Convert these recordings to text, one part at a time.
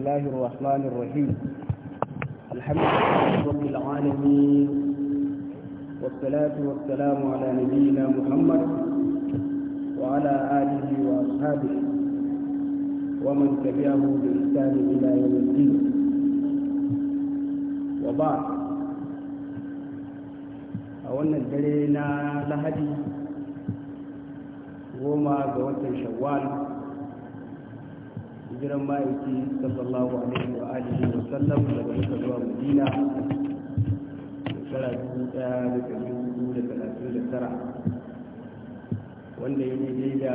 الله الرحمن الرحيم الحمد لله رب العالمين والصلاة والسلام على نبينا محمد وعلى آله وأصحابه ومن تبعه بإحسان إلى يوم الدين وبعد أولا درينا لهدي وما ga شوال hijiran ma'aiki sallallahu alaihi wa alihi wa sallam daga duka zuwa madina shekara dubu daya da ɗari hudu da talatin da tara wanda ya daidai da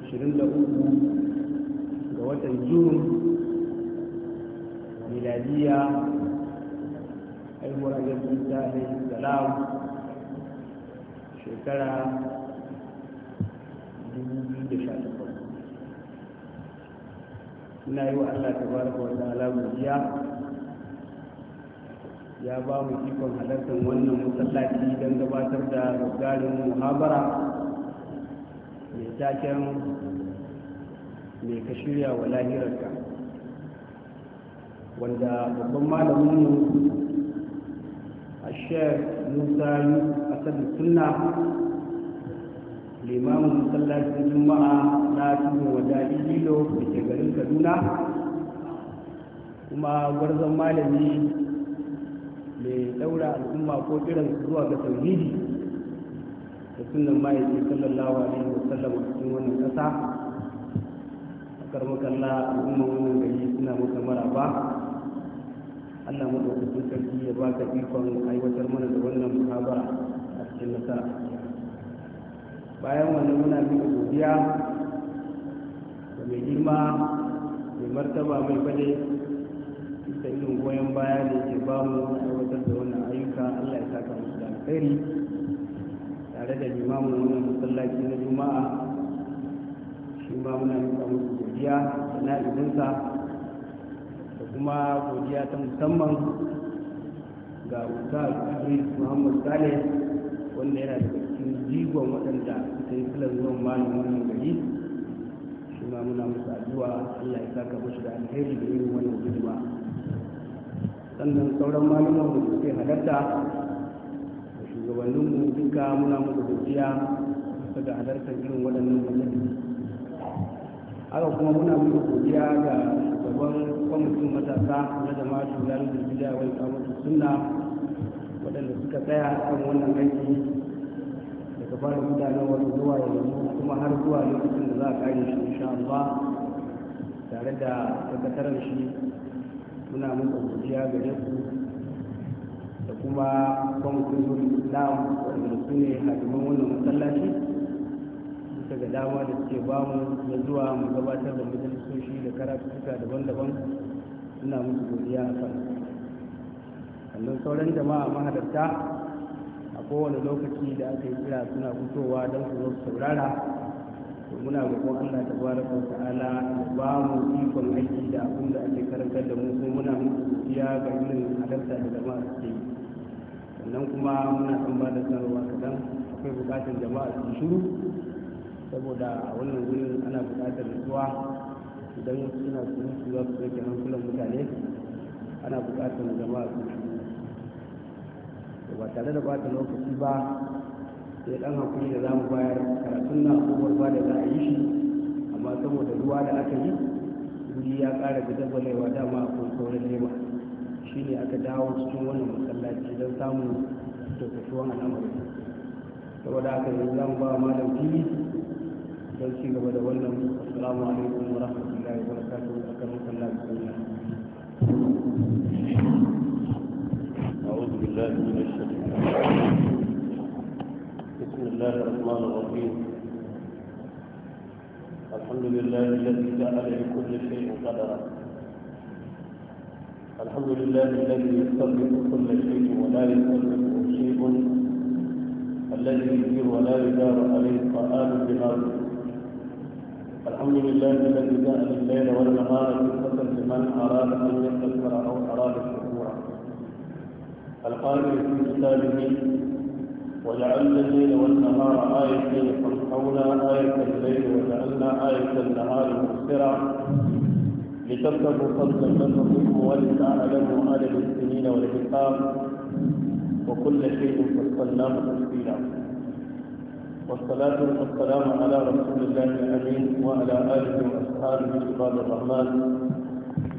ashirin da uku ga watan jun miladiya haihuwar annabi da alaihi salam shekara dubu biyu da sha suna yi wa Allah ta tabaraka wa ta'ala godiya ya ba mu ikon halartar wannan masallaci don gabatar da gagarin muhabara mai taken mai ka shirya wa lahirarka wanda babban malamin mu a musa yi asali sunna limamin masallacin juma'a na tuhu wada lilo da ke garin kaduna kuma gwarzon malami mai daura al'umma ko kiran zuwa ga tauhidi da sunan ma'aiki sallallahu alaihi wa sallam a cikin wannan kasa a karmakalla al'umma wannan gari suna maka maraba Allah madaukakin sarki ya baka ikon aiwatar mana da wannan muhabara a cikin nasara bayan wannan muna miki godiya da mai girma mai martaba mai fade ita irin goyon baya da ke ba mu aiwatar da wannan ayyuka allah ya saka musu da alkhairi tare da limamin wannan masallaci na juma'a shi ma muna mika musu godiya da na'ibinsa da kuma godiya ta musamman ga wuta idris muhammad saleh wanda yana da jigon waɗanda suka yi filan zuwan malam wannan gari shi ma muna musu addu'a Allah ya saka musu da alheri da irin wannan hidima sannan sauran malaman da suke halarta da shugabanninmu duka muna musu godiya ga halartar irin waɗannan majalisi haka kuma muna musu godiya ga shugaban kwamitin matasa na jama'a shugaban da bidiyawar kamar sunna waɗanda suka tsaya kan wannan aiki fara gudanarwa zuwa yanzu kuma har zuwa lokacin da za a kare shi insha Allah tare da sakataren shi muna muku godiya gare ku da kuma kwamitin islam wanda su ne hadiman wannan masallaci bisa ga dama da suke bamu na zuwa mu gabatar da majalisoshi da karatuka daban-daban muna muku godiya a kan sannan sauran jama'a mahalarta kowane lokaci da aka yi kira suna fitowa don su zo su saurara to muna roƙon Allah ta bara ko ta'ala ya ba mu ikon aiki da abin da ake karantar da mu ko muna musu godiya ga irin halarta da jama'a suke yi sannan kuma muna son ba da sanarwa kaɗan akwai buƙatar jama'a su shiru saboda a wannan wurin ana buƙatar nutsuwa idan suna surutu za su ɗauke kulan mutane ana buƙatar jama'a su shiru ba tare da bata lokaci ba sai dan hakuri da zamu bayar karatun na kowar ba da za a yi shi amma saboda ruwa da aka yi wuri ya ƙara da dabalewa dama ko sauran nema shi ne aka dawo cikin wannan masallaci don samun kyautatuwan al'amari saboda aka yi zamu ba malam fili don ci gaba da wannan assalamu alaikum wa rahmatullahi wa barakatuhu kan masallaci duniya أعوذ بالله من الشيطان بسم الله الرحمن الرحيم الحمد لله الذي جعل لكل شيء قدرا الحمد لله الذي يستغرق كل شيء ولا يستغرقه شيء الذي يدير ولا يدار عليه قرآن بناره الحمد لله الذي جعل الليل والنهار فتنة لمن أراد أن يستغفر أو أراد الشكر القائل في كتابه وجعلنا الليل والنهار آية فانحونا آية الليل وجعلنا آية النهار مبصرة لتركبوا فضلا من ربكم ولتعلموا عدد السنين والحساب وكل شيء فصلناه تفصيلا والصلاة والسلام على رسول الله الأمين وعلى آله وأصحابه عباد الرحمن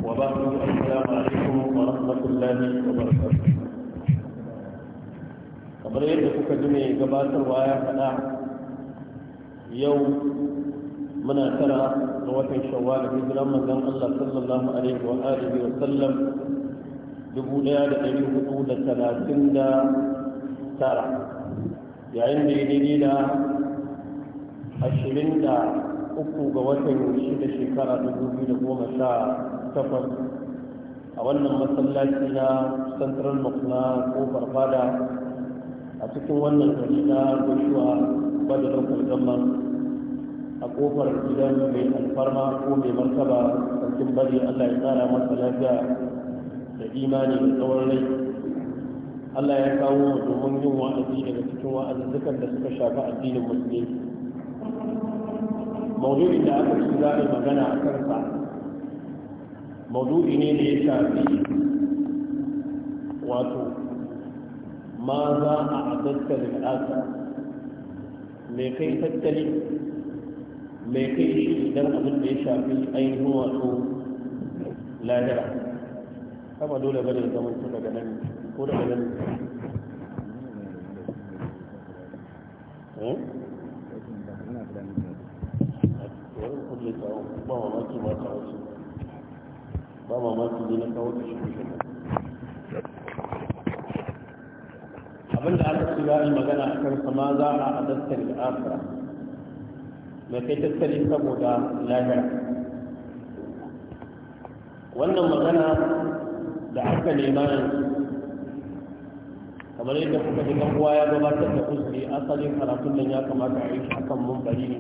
وبعد السلام عليكم ورحمة الله وبركاته kamar yadda kuka ji mai gabatarwa ya faɗa yau muna tara ga watan shawwal jiran manzon Allah sallallahu alaihi wa alihi wa sallam dubu ɗaya da ɗari hudu da talatin da tara yayin da ya daidai da ashirin da uku ga watan shida shekara dubu biyu da goma sha takwas a wannan masallaci na central mosque na kofar fada a cikin wannan gari na gushuwa badarin kulgamma a kofar gidan mai alfarma ko mai martaba sarkin bari allah ya tsara masa lafiya da imani da tsawon rai allah ya kawo domin yin wa'azi daga cikin wa'azuzzukan da suka shafi addinin musulmi maudu'in da aka ci za a magana a kansa maudu'i ne da ya shafi wato ماذا اعددت للاتى لكيف تلي لكيف يدرع بالبيشا في اين هو إيه؟ هو لا درع كما دول بدل زمن كما جنن كورا جنن ما ما ما ما ما ما ما ما ما abin da aka shiga yi magana a kansa ma za a adasta da afira mai kai tattali saboda lahira wannan magana da aka nema yanzu kamar yadda kuka ji kan ya gabatar da uzuri asalin karatun nan ya kamata a yi shi akan mumbari ne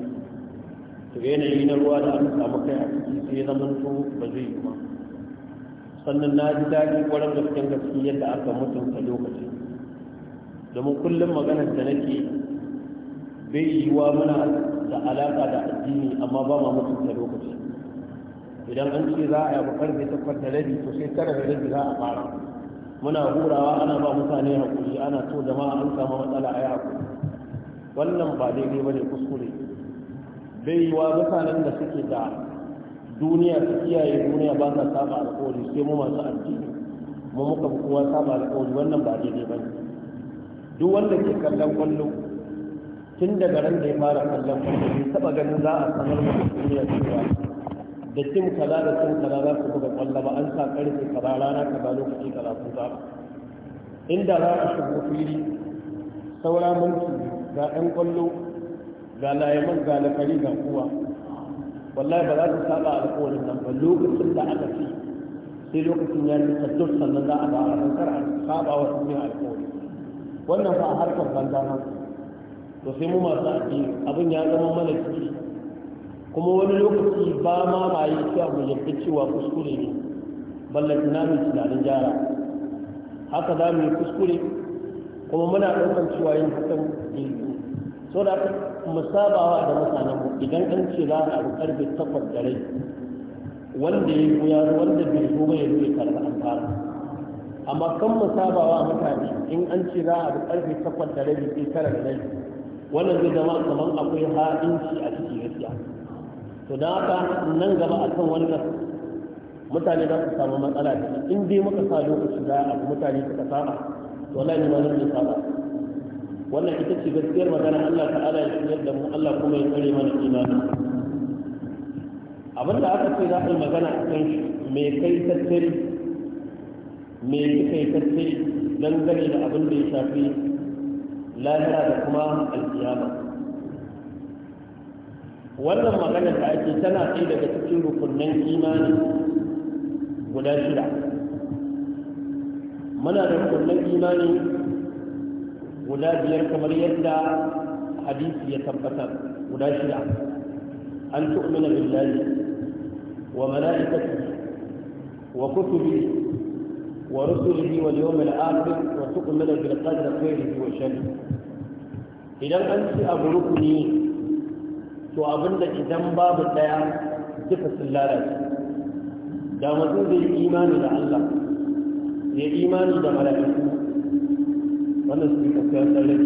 to yanayi na ruwa da aka samu kai a ciki sai zaman to ba zai yi ba sannan na ji daɗi ƙwarar gaskiyar gaske da aka mutunta lokacin. domin kullum maganar da nake bai yi wa muna da alaƙa da addini amma ba ma mutunta lokaci idan an ce za a yi yabu da ta da rabi to sai tara da rabi za a fara muna hurawa ana ba mutane hakuri ana to jama'a an samu matsala a yi hakuri wannan ba daidai ba ne kuskure bai wa mutanen da suke da duniya su kiyaye duniya ba sa saba alƙawari sai mu masu addini mu muka kowa saba alƙawari wannan ba daidai ba ne duk wanda ke kallon kwallo tun daga ran da ya fara kallon kwallo bai taba ganin za a sanar da duniya cewa da tim kaza da tim kaza za su buga kwallo ba an sa karfe kaza rana kaza lokaci kaza sun za inda za a shigo fili saura minti ga ɗan kwallo ga layaman ga lafari ga kuwa wallahi ba za su saba alƙawarin nan ba lokacin da aka fi sai lokacin ya nisa duk sannan za a ba a rankar a saba wa duniya alƙawarin wannan fa a harkar banza ma to sai mu masu addini abin ya zama mana ciki kuma wani lokaci ba ma ma yi cewa mu yadda cewa kuskure ne ballan na tunanin gyara haka za mu yi kuskure kuma muna ɗaukar cewa yin hakan ne so da mu sabawa da mutanen mu idan an ce za a karfe takwas da rai wanda ya wanda bai zo ba ya zo ya karɓi amma kan mu sabawa mutane in an ce za a bi karfe takwas da rabi sai tara da rabi wannan zai zama kamar akwai ha'inci a cikin gaskiya to don haka nan gaba a kan wannan mutane za su samu matsala da in dai muka sa lokaci za a mutane suka saba to wallahi ne ma zan yi saba wannan ita ce gaskiyar magana Allah ta'ala ya tsayar da mu Allah kuma ya tsare mana imani abinda da aka ce za a yi magana a kan shi mai kai tattari me kika kai kace dangane da abin da ya shafi lahira da kuma alkiyama wannan magana da ake tana ɗaya daga cikin rukunnan imani guda shida muna da rukunnan imani guda biyar kamar yadda hadisi ya tabbatar guda shida an tu'mina billahi wa mala'ikatihi wa kutubihi ورسله واليوم الآخر وتؤمن بالقدر خيره وشره إذا أنت أبو ركني تو أبن لك ذنبا بالدياء تفس اللارات دامتون ذي الإيمان إلى الله ذي الإيمان إلى ملائكة ونسبك في الله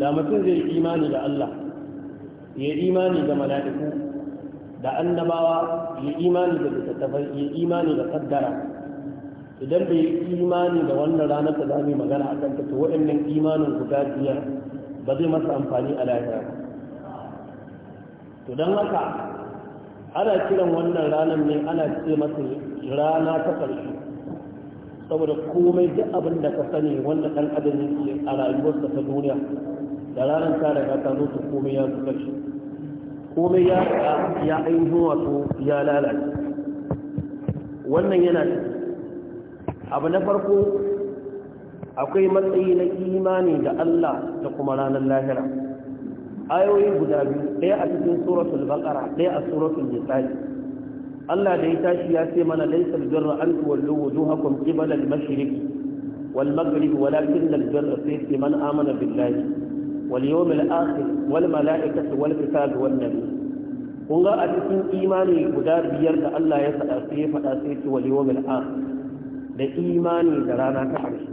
دامتون ذي الإيمان إلى الله ya imani ga mala'iku da annabawa ya imani da littattafai ya imani da kaddara idan bai yi imani da wannan ranar da za mu yi magana a kanta to waɗannan imanin guda biyar ba zai masa amfani a lahira ba to don haka ana kiran wannan ranar ne ana ce masa rana ta ƙarshe saboda komai duk abin da ka sani wanda ɗan adam yake a rayuwarsa ta duniya da ranar ta daga ta zo komai ya zuka shi komai ya ya ainihin wato ya lalace wannan yana abu na farko akwai matsayi na imani da Allah da kuma ranar lahira ayoyi guda biyu ɗaya a cikin suratul baqara ɗaya a suratul nisa'i Allah da ya tashi ya ce mana laisa albirra an tuwallu wujuhakum qibala al-mashriq wal maghrib walakin al-birra sayyi man amana billahi wal yawmil akhir wal mala'ikati wal kitabi wan nabiy kun ga a cikin imani guda biyar da Allah ya faɗa sai ya faɗa sai ce wal yawmil akhir da imani da rana ta ƙarshe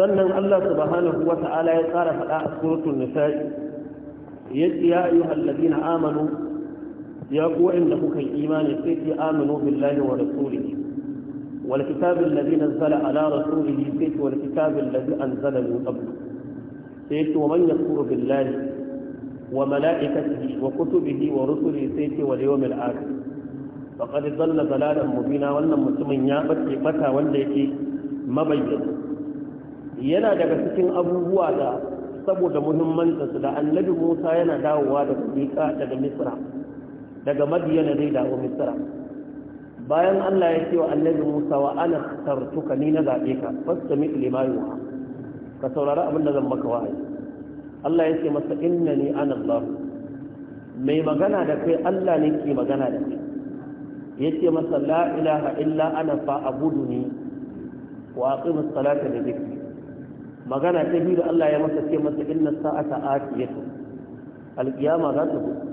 sannan Allah subhanahu wa ta'ala ya tsara faɗa a suratul nisa'i yace ya ayyuhal ladina amanu ya ku wa'anda kuka yi imani sai ki aminu billahi wa rasulihi wal kitabi alladhi nazzala ala rasulihi sai ki wal kitabi alladhi anzala min qabl sai ki man yakfuru billahi wa malaikatihi wa kutubihi wa rusulihi sai ki wal yawmil akhir faqad dhalla dalalan mubina wannan mutumin ya bace bata wanda yake mabayyana yana daga cikin abubuwa da saboda muhimmancinsu da annabi musa yana dawowa da kudika daga misra daga madiyana zai dawo misra bayan Allah ya ce wa annabi Musa wa ana tartuka ni na zaɓe ka fastami lima yuha ka saurari abin da zan maka wa'azi Allah ya ce masa innani ana Allah mai magana da kai Allah ne ke magana da kai Ya ce masa la ilaha illa ana fa abuduni wa aqimus salata li dhikri magana ta hira Allah ya masa ce masa inna sa'ata atiyatu alqiyama za ta zo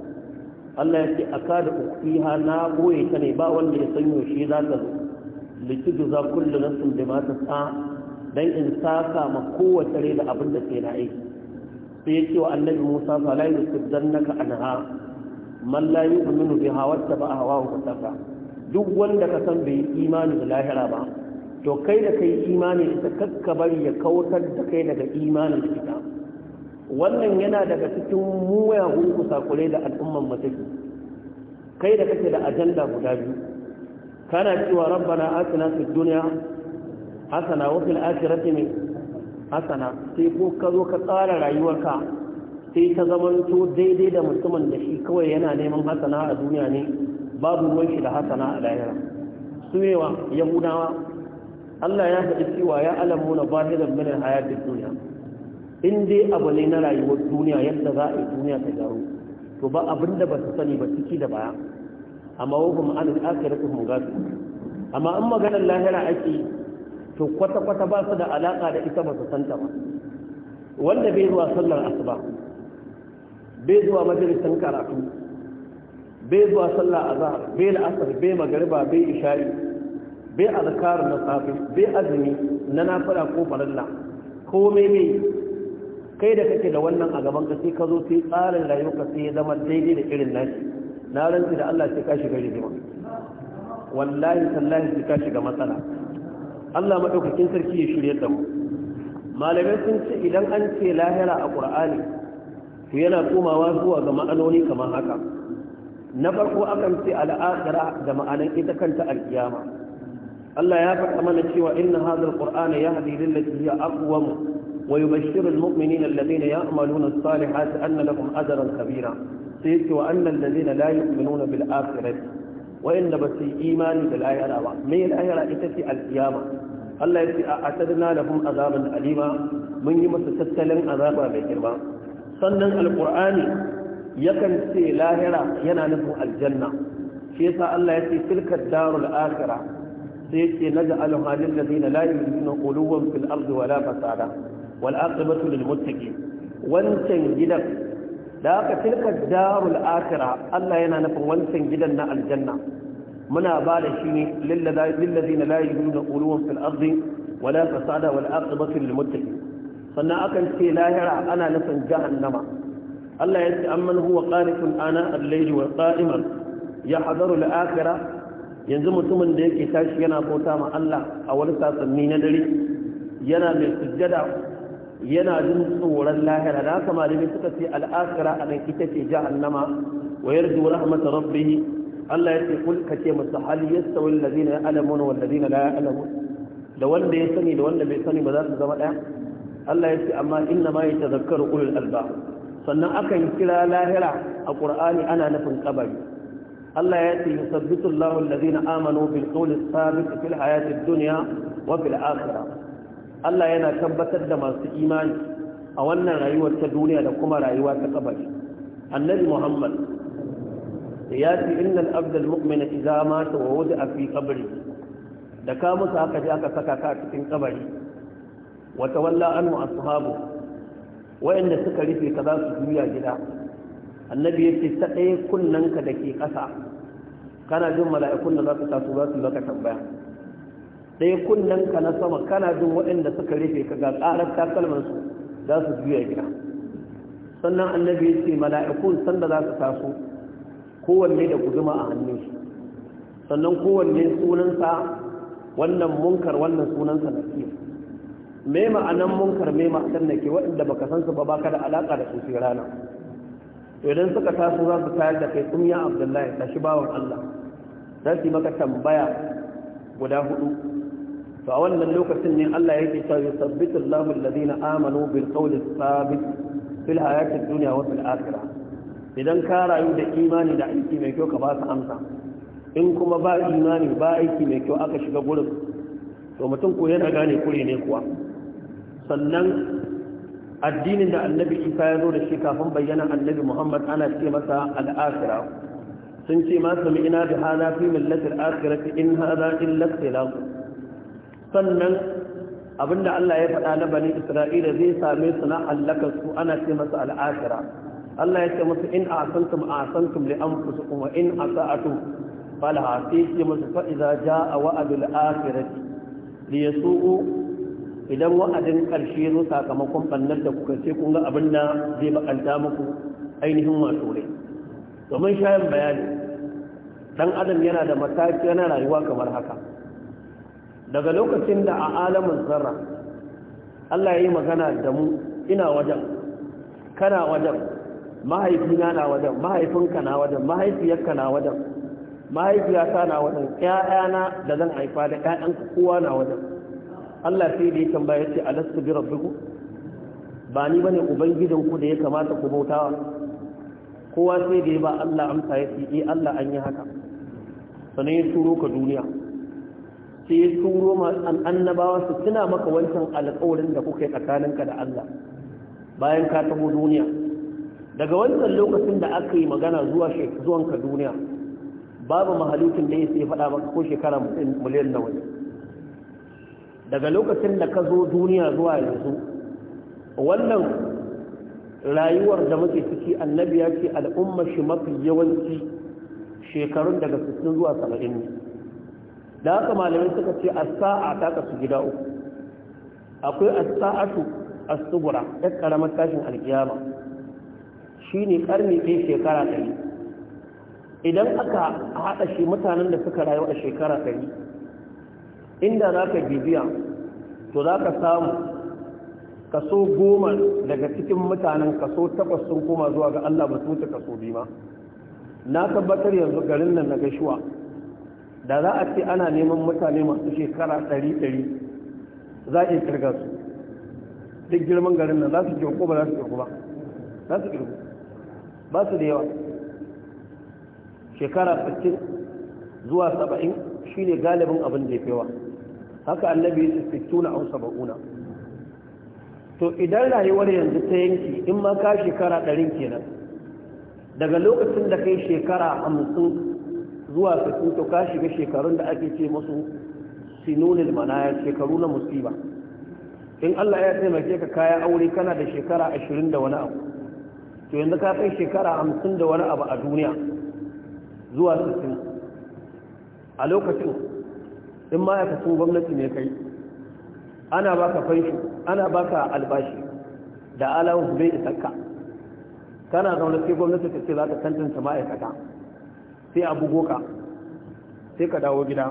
Allah ya ce a kada ukfiha na boye ta ne ba wanda ya sanyo shi za ta zo likidu za kullu nafsin da ma ta sa dan in saka ma kowace rai da abin da ke na aiki sai ya ce wa annabi Musa fa la yusaddannaka anha man la yu'minu biha a hawahu fatafa duk wanda ka san bai imani da lahira ba to kai da kai imani da kakka bari ya kautar da kai daga imanin ita wannan yana daga cikin muyagun kusakurai da al'umman mataki kai da kake da ajanda guda biyu kana cewa rabbana atina fid dunya hasana wa fil akhirati min hasana sai ko ka zo ka tsara rayuwarka sai ta zamanto daidai da mutumin da shi kawai yana neman hasana a duniya ne babu ruwan shi da hasana a lahira sumewa yahudawa Allah ya faɗi cewa ya alamuna da min al-hayatid duniya. in dai abu ne na rayuwar duniya yadda za a yi duniya ta gyaru to ba abin da ba su sani ba ciki da baya amma wa kuma an al'akari su hunga su amma in maganar lahira ake to kwata-kwata ba su da alaƙa da ita ba su santa ba wanda bai zuwa sallar asuba bai zuwa Majalisar karatu bai zuwa sallar azhar bai la'asar bai magariba bai isha'i bai azkar na safi bai azumi na Nafara ko farilla komai bai kai da kake da wannan a gaban ka sai ka zo sai tsarin rayuka sai ya zama daidai da irin nashi na rantsi da Allah sai ka shiga rigima wallahi tallahi sai ka shiga matsala Allah madaukakin sarki ya shirye da mu malamai sun ce idan an ce lahira a qur'ani to yana komawa zuwa ga ma'anoni kamar haka na farko akan ce al'akhirah da ma'anan ita kanta alkiyama Allah ya faɗa mana cewa inna hadha alqur'ana yahdi lil lati hiya aqwam wa yubashshiru almu'minina alladhina ya'maluna as-salihati anna lahum ajran kabira sai yace wa anna alladhina la yu'minuna bil akhirati wa inna basi imani bil akhirati ba me al akhirati ita ce al qiyama Allah yace a atadna lahum azaban alima mun yi masa tattalin azaba mai girma sannan alqur'ani yakan ce lahira yana nufin aljanna shi yasa Allah yace tilka darul akhirah sai yake naja alhalin da zai na layin nuna ƙuluwan fil arzi wala fasada wal aqibatu lil muttaqin wancan gidan da aka tilka darul akhirah Allah yana nufin wancan gidan na aljanna muna ba da shi ne lillazina la yujiduna quluwan fil ardi wala fasada wal aqibatu lil muttaqin sannan akan ce lahira ana nufin jahannama Allah ya ce amman huwa qanitun ana al-layli wa ƙa'imar. Ya hadaru akhirah yanzu mutumin da yake tashi yana bauta ma Allah a wani sasanni na dare yana mai sujjada yana jin tsoron lahira da haka malamai suka ce al'akira a nan ita ce jahannama wa yarju rahmatar rabbih Allah ya ce kul kace musu hal yastawi alladhina ya'lamuna wal ladina la ya'lamun da wanda ya sani da wanda bai sani ba za su zama daya Allah ya ce amma inna ma yatazakkaru ulul albab sannan akan kira lahira a qur'ani ana nufin kabari Allah ya ce yusabbitu Allahu alladhina amanu bil qawli sabit fil hayati dunya wa fil akhirah Allah yana tabbatar da masu imani a wannan rayuwar ta duniya da kuma rayuwa ta kabari annabi Muhammad ya ce innal abda al mu'mina idza mata wa wada fi qabri da ka musu aka ji aka saka ka cikin kabari wa tawalla anhu ashabu wa'anda suka rufe ka za su juya gida annabi ya ce ta ɗaya kunnanka da ke ƙasa kana jin mala'ikun da za su taso za su baka tambaya ɗaya kunnanka na sama kana jin waɗanda suka rufe ka ga ƙarar takalmansu za su juya gida sannan annabi ya ce mala'ikun sanda za su taso kowanne da guduma a hannun su sannan kowanne sunansa wannan munkar wannan sunansa na fiye mai ma'anan munkar mai ma'anan na ke waɗanda baka san su ba baka da alaƙa da su rana to idan suka taso za su tayar da kai kun ya abdullahi tashi bawan Allah za su maka tambaya guda hudu to a wannan lokacin ne Allah yake cewa yusabbitu Allahu alladhina amanu bil qawli thabit fil hayati dunya wa fil akhirah idan ka rayu da imani da aiki mai kyau ka ba amsa in kuma ba imani ba aiki mai kyau aka shiga gurin to mutum ko yana gane kure ne kuwa sannan addinin da annabi isa ya zo da shi kafin bayyana annabi muhammad ana ce masa al'akira sun ce ma sami ina da hada fi millatar akirati in hada illa ikhtilaf sannan abinda Allah ya faɗa na bani isra'ila zai same su na allakar su ana ce masa al'akira Allah ya ce musu in asantum asantum li anfusikum kuma in a falaha sai ce musu fa idza jaa wa'dul akhirati liyasu'u idan wa'adin ƙarshe zo sakamakon ɓannar da kuka ce kun ga abin da zai bakanta muku ainihin masu rai domin shayin bayani dan adam yana da mataki yana rayuwa kamar haka daga lokacin da a alamin zarra Allah ya yi magana da mu ina wajen kana wajen mahaifina na wajen mahaifinka na wajen mahaifiyarka na wajen mahaifiyata na wajen ƴaƴana da zan haifa da ƴaƴanka kowa na wajen Allah sai da ya tambaya ce alastu bi rabbiku ba ni bane ubangijin ku da ya kamata ku bautawa kowa sai da ba Allah amsa ya ce eh Allah an yi haka sannan ya turo ka duniya sai ya turo annabawa su tuna maka wancan alƙawarin da kuka yi tsakaninka da Allah bayan ka taho duniya daga wancan lokacin da aka yi magana zuwa zuwanka duniya babu mahalukin da ya sai faɗa maka ko shekara miliyan na wani daga lokacin da ka zo duniya zuwa yanzu wannan rayuwar da muke ciki annabi ya ce al'umma shi mafi yawanci shekarun daga 60 zuwa 70 ne da haka malamai suka ce a sa'a ta kasu gida uku akwai as-sa'atu a tsugura ya karamar tashin alkiyama ne karni ɗaya shekara ɗari idan aka haɗa shi mutanen da suka rayu a shekara ɗari inda za ka bibiya to za ka samu kaso goma daga cikin mutanen kaso takwas sun koma zuwa ga Allah ba su wuce kaso bima na tabbatar yanzu garin nan na gashuwa da za a ce ana neman mutane masu shekara ɗari ɗari za a iya kirga su duk girman garin nan za su ko ba za su kirgu ba za su kirgu ba su da yawa shekara 60 zuwa 70 shine galibin abin da ya fi yawa haka annabi ya ce 60 aw 70 to idan rayuwar yanzu ta yanki in ma ka shekara 100 kenan daga lokacin da kai shekara 50 zuwa 60 to ka shiga shekarun da ake ce musu sinunil manaya shekaru na musiba in Allah ya taimake ka kaya aure kana da shekara 20 da wani abu to yanzu ka kai shekara 50 da wani abu a duniya zuwa 60 a lokacin in ma'aikacin gwamnati ne kai ana baka fanshi ana baka albashi da alawus bai isakka kana zaune sai gwamnati ta ce za ta tantance ma'aikata sai a bugo ka sai ka dawo gida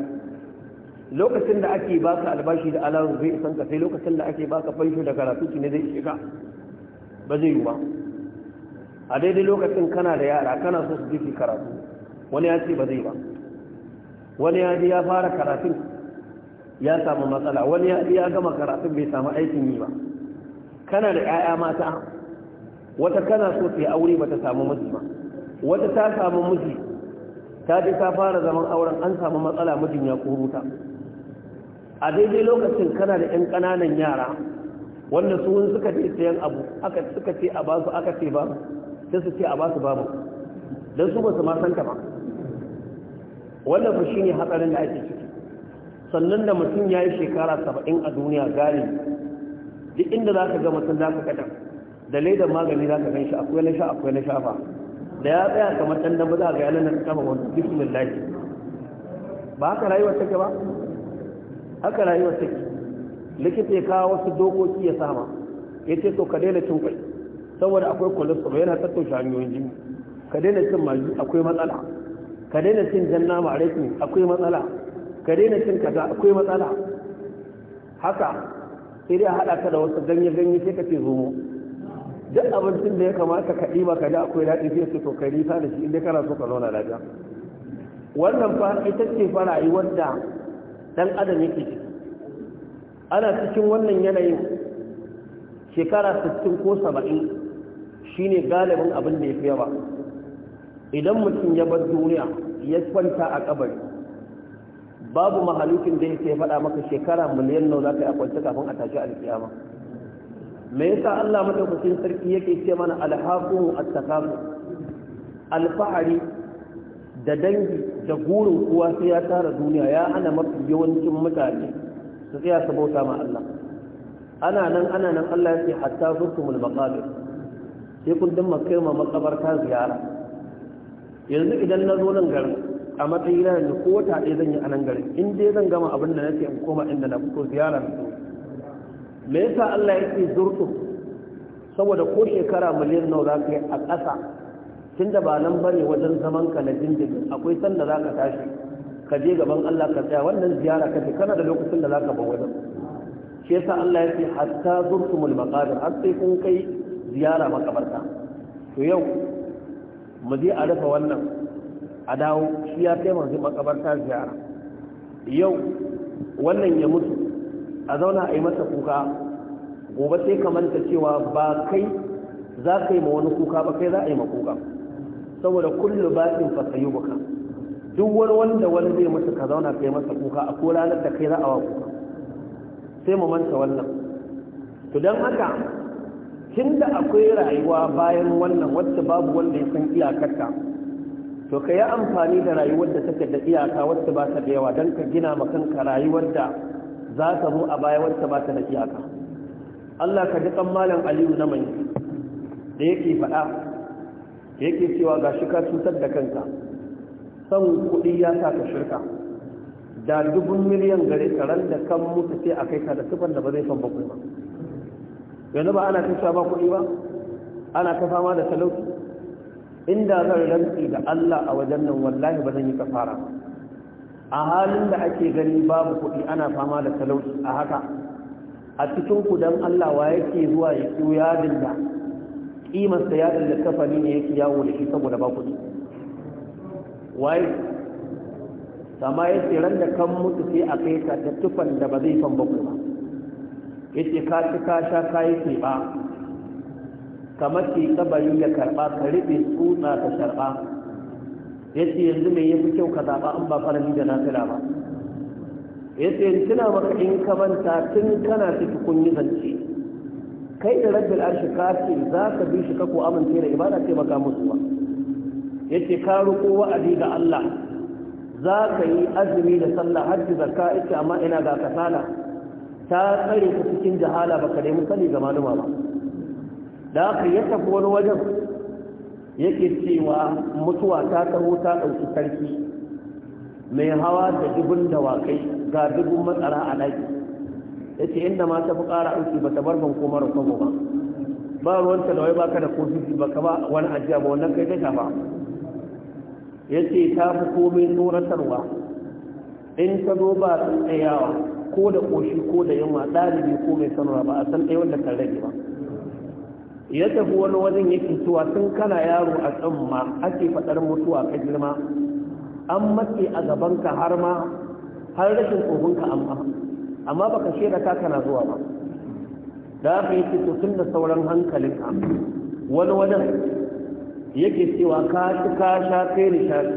lokacin da ake baka albashi da alawus bai isanka sai lokacin da ake baka fanshi da karatu ne zai shiga ba zai yi ba a daidai lokacin kana da yara kana so su jiki karatu wani ya ce ba zai ba wani ya ji ya fara karatun ya samu matsala wani ya ji ya gama karatun bai samu aikin yi ba kana da 'ya'ya mata wata kana so ta yi aure ba ta samu miji ba wata ta samu miji ta ji ta fara zaman auren an samu matsala mijin ya kuruta a daidai lokacin kana da 'yan ƙananan yara wanda su suka ce sayan abu aka suka ce a basu aka ce ba? sai su ce a basu babu don su ba su ma san ka ba wannan ba ne hatsarin da ake ciki sannan da mutum ya yi shekara saba'in a duniya gari duk inda za ka ga mutum za ka kaɗan da laidar magani za ka gan shi akwai na sha akwai na shafa da ya tsaya kamar ɗan dama za a ga yanar da kama wanda bismin lafi ba haka rayuwar take ba haka rayuwar take likita ya kawo wasu dokoki ya sama ya ce to ka daina cin kwai saboda akwai cholesterol yana tattaushe hanyoyin jini ka daina cin magi akwai matsala ka daina cin janna ma akwai matsala ka daina cin kaza akwai matsala haka sai dai haɗa ka da wasu ganye-ganye sai ka ce zomo duk abincin da ya kamata ka ɗiba ka da akwai daɗi sai ce to ka nisa da shi inda kana so ka zauna lafiya wannan fa ita ce fa rayuwar da ɗan adam yake ciki ana cikin wannan yanayin shekara 60 ko 70 shine galibin abin da ya fi yawa idan mutum ya bar duniya ya kwanta a kabari babu mahalukin da yake faɗa maka shekara miliyan nawa zaka yi a kwance kafin a tashi alkiyama me yasa Allah madaukakin sarki yake ce mana alhaku attakafu? alfahari da dangi da gurin kuwa sai ya tara duniya ya ana mafi yawancin mutane su tsaya su bauta ma Allah ana nan ana nan Allah ya ce hatta zurtumul maqabir sai kun dinga kai ma makabarta ziyara yanzu idan na zo nan garin a matsayin na ko wata ɗaya zan yi a nan garin in dai zan gama abin da nake in koma inda na fito ziyara na zo me yasa Allah yake zurtu saboda ko shekara miliyan nawa za ka yi a ƙasa tun da ba nan bane wajen zaman ka na jinjin akwai sanda za ka tashi ka je gaban Allah ka tsaya wannan ziyara ka ce kana da lokacin da za ka bar wajen shi yasa Allah ya ce hatta zurtumul maqabir har sai kun kai ziyara makabarta to yau mu je a rufe wannan a dawo shi ya kai makabarta ziyara yau wannan ya mutu a zauna a yi masa kuka gobe sai ka manta cewa ba kai za ka yi ma wani kuka ba kai za a yi ma kuka saboda kullum fasa yi baka duk wani wanda wani zai masa ka zauna kai masa kuka a ko ranar da kai za a wa kuka sai mu manta wannan to don haka tun da akwai rayuwa bayan wannan wacce babu wanda ya san iyakarta to ka yi amfani da rayuwar da take da iyaka wacce ba ta da yawa don ka gina ma kanka rayuwar da za ta zo a baya wacce ba ta da iyaka Allah ka ji kan Aliyu na mai da yake faɗa yake cewa ga shi ka cutar da kanka san kuɗi ya sa ka shirka da dubun miliyan gare karen da kan mutu sai a kai ka da sufan da ba zai san bakwai ba yanzu ba ana kasa ba kuɗi ba ana ta fama da talauci inda zan rantsi da Allah a wajen nan wallahi ba zan yi kafara a halin da ake gani babu kuɗi ana fama da talauci a haka a cikin ku dan Allah wa yake zuwa ya kiyo yadin da kimar sa da kafani ne yake yawo da shi saboda ba kuɗi wai sama yace ran da kan mutu sai a kai ka da tufan da ba zai fan ba ba yake ka ci ka sha ka yi kamar ke kabari ya karɓa ka rufe tsutsa ka sharɓa yanzu mai yafi kyau ka zaɓa an ba farami da Nasira ba yanzu tuna maka in ka manta tun kana ciki kun zance kai da rabbil arshi ka ce za ka bi shi ka ko amince da ibada ce maka musu ba ce ka roƙo wa'adi ga Allah za ka yi azumi da sallah hajji zakka ita amma ina ga kasala ta tsare ta cikin jahala baka nemi sani ga maluma ba da aka yi tafi wani wajen yake cewa mutuwa ta taho ta ɗauki sarki mai hawa da dubun dawakai ga dubun matsara a ɗaki ya ce inda ma ta fi ƙara aiki ba ta bar ban koma da kwamo ba ba ruwanta da wai baka da kofi ba ka ba wani ajiya ba wannan kai ta ba. ya ce ta fi komai tsoratarwa in ta zo ba tsayawa ko da koshi ko da yamma ɗalibi ko mai sanarwa ba a san ɗaya wanda kan rage ba ya tafi wani wajen yake cewa tun kana yaro a tsamma ake faɗar mutuwa ka girma an matse a gabanka har ma har rashin tsohonka amma amma baka shaida ka kana zuwa ba da haka yake to tun da sauran hankalinka wani wajen yake cewa ka ci ka sha kai nishaɗi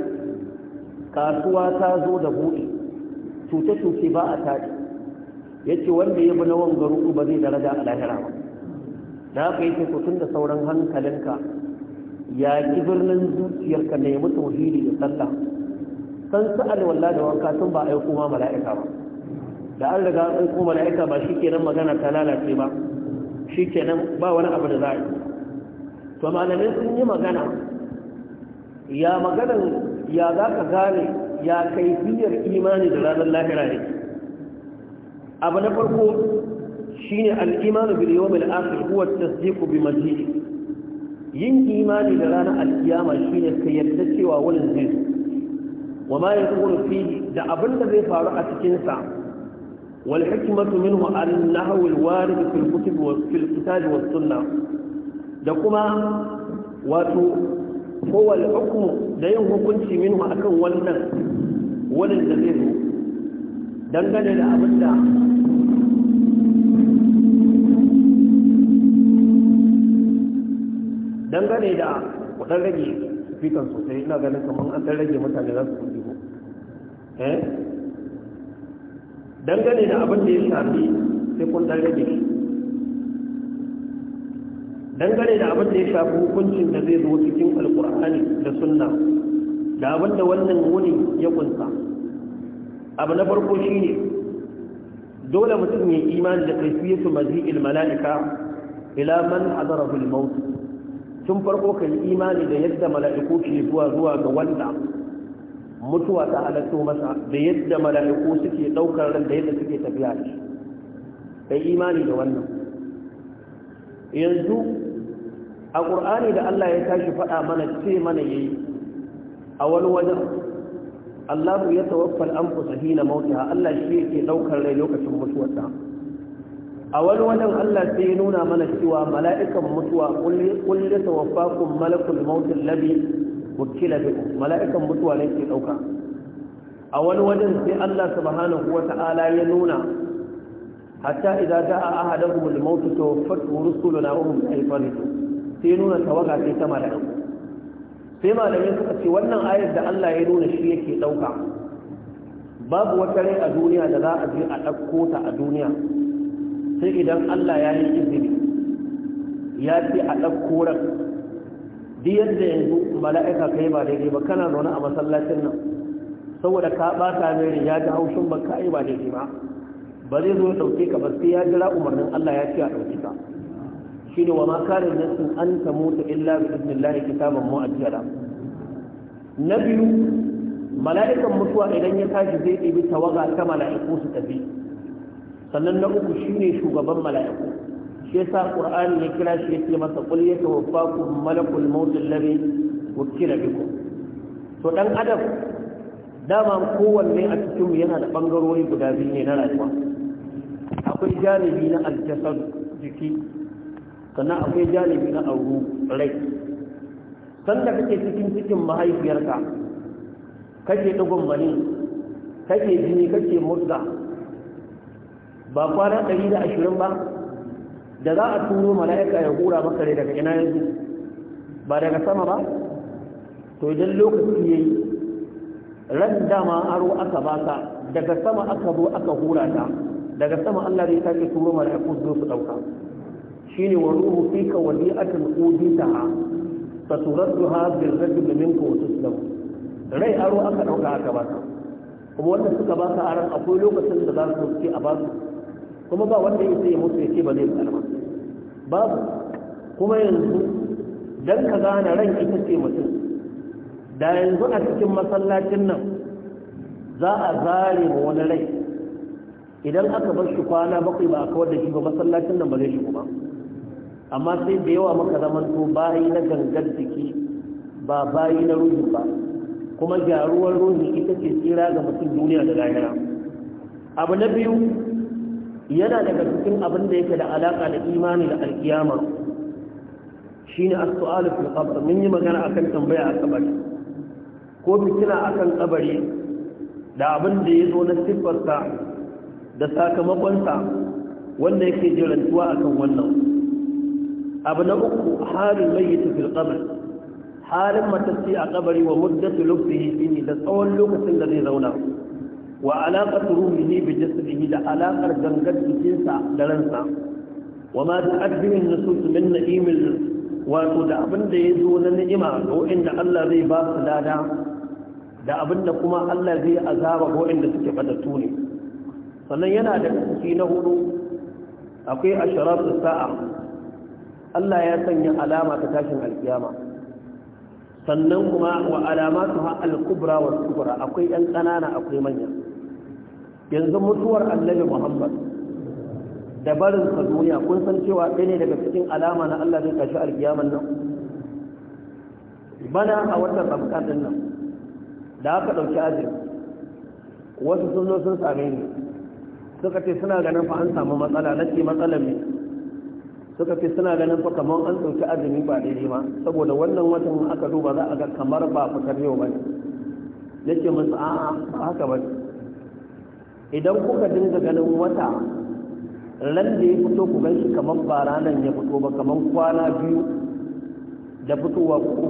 kasuwa ta zo da buɗe cuce-cuce ba a taɗi yace wanda ya bi na wanga ruku ba zai daraja a lahira ba da haka yake ko tun da sauran hankalinka ya ki birnin zuciyarka ne ya mutu wahili da sallah san su alwallah da wanka tun ba a yi kuma mala'ika ba da an riga an kuma mala'ika ba shi kenan magana ta lalace ba Shi kenan ba wani abu da za a yi to malamai sun yi magana ya maganan ya za ka gane ya kai kaifiyar imani da ranar lahira ne abu na farko shine al-imanu bil yawmil akhir huwa at-tasdiqu bi maji'i yin imani da ranar al-qiyama shine ka yarda cewa wannan zai wa ma yakunu fihi da abin da zai faru a cikinsa sa wal hikmatu minhu annahu al-warid fil kutub wa fil kitab wa sunnah da kuma wato kowal hukumu da yin hukunci minhu akan wannan wani da zai zo dangane da abin da dangane da kudin rage fitan sosai ina ganin kamar an rage mutane za su kudi ko eh? dangane da abin da ya shafi sai kun dan rage shi dangane da abin da ya shafi hukuncin da zai zo cikin alkur'ani da sunna da abin da wannan wuni ya kunsa abu na farko shi ne dole mutum ya imani da kaifiyatu mazi'il mala'ika ilmala'ika man a zarafin maut tun farko kai imani da yadda mala'iku ke zuwa zuwa ga wanda mutuwa ta halatto masa da yadda mala'iku suke daukar da yadda suke tafiya da shi kai imani da wannan yanzu a ƙur'ani da Allah ya tashi faɗa mana ce mana yayi a wani wajen Allah ya tawaffal anfusa hina mautiha Allah shi yake daukar rai lokacin mutuwarta a wani wajen Allah sai ya nuna mana cewa mala'ikan mutuwa kulli ya tawaffakum malakul maut alladhi wukila bikum mala'ikan mutuwa ne ke dauka a wani wajen sai Allah subhanahu wata'ala ya nuna hatta idza da'a ahadakum al-maut tawaffat rusuluna wa hum la yafaritu sai nuna tawaga sai ta mala'iku sai malamai suka ce wannan ayar da Allah ya nuna shi yake ɗauka babu wata rai a duniya da za a je a ɗauko ta a duniya sai idan Allah ya yi izini ya ce a ɗauko ran duk yadda yanzu mala'ika kai ba daidai ba kana zaune a masallacin nan saboda ka ta mai ya ji haushin ba ka yi ba daidai ba ba zai zo ya ɗauke ka ba sai ya jira umarnin Allah ya ce a ɗauke ka shine wa ma kare nafsin an mutu illa bi ismillahi kitaban mu'ajjala na biyu mala'ikan mutuwa idan ya tashi zai ɗebi tawaga ta mala'iku su tafi sannan na uku shine shugaban mala'iku shi yasa qur'ani ya kira shi yake masa qul tawaffaku malakul maut alladhi wukila bikum to dan adam dama kowanne a cikin yana da bangarori guda biyu ne na rayuwa akwai janibi na aljasad jiki sannan akwai janibi na auru rai sanda kake cikin cikin mahaifiyarka kake dugun bani kake jini kake murza ba kwana ɗari da ashirin ba da za a turo mala'ika ya hura maka ne daga ina yanzu ba daga sama ba to idan lokaci ya yi ran dama aro aka baka daga sama aka zo aka hura ta daga sama allah zai sake turo mala'iku zo su ɗauka shine wa ruhu fika wadi'atun uditaha faturadduha bil rajul minka wa tuslam rai aro aka dauka aka ba ka kuma wanda suka ba ka aran akwai lokacin da za su ce a ba su kuma ba wanda ya sai musu ya ce ba zai ba babu kuma yanzu dan ka gane ran ita ce mutum da yanzu a cikin masallacin nan za a zare ma wani rai idan aka bar shi kwana bakwai ba a kawar da shi ba masallacin nan ba zai shigo ba amma sai da yawa maka zama to bayi na gangar jiki ba bayi na ruhi ba kuma gyaruwar ruhi ita ce tsira ga mutum duniya da lahira abu na biyu yana daga cikin abin da yake da alaka da imani da alkiyama shine as-su'alu Alifu qabr mun yi magana akan tambaya a kabari ko fitina akan kabari da abin da ya zo na siffarsa da sakamakonsa wanda yake jirantuwa akan wannan abu na uku halin mayyiti fil qabr halin matacci a ƙabari wa muddatu lubbihi ne da tsawon lokacin da zai zauna wa alaqatu ne bi jasadihi da alaƙar gangar jikinsa da ransa wa ma ta'addimin nusus min na'imil wato da abin da ya zo na ni'ima ko inda Allah zai ba su lada da abin da kuma Allah zai azaba ko inda suke fatattu ne sannan yana da kuki na hudu akwai asharatu sa'a Allah ya sanya alama ta tashin alkiyama sannan kuma wa alama su al-kubra wa kubra akwai ɗan ƙanana akwai manya yanzu mutuwar annabi Muhammad da barin sa duniya kun san cewa ɗaya ne daga cikin alama na Allah zai tashi alkiyaman nan bana a wannan ramadan din nan da aka ɗauki ajin wasu sun zo sun same ni suka ce suna ganin fa an samu matsala na ce matsalar ne suka fi suna ganin fa kamar an ɗauki azumi ba daidai ma saboda wannan watan aka duba za a ga kamar ba fitar yau ba ne yake musu a'a ba haka ba idan kuka dinga ganin wata ran da ya fito ku shi kamar ba ranar ya fito ba kamar kwana biyu da fitowa ku uku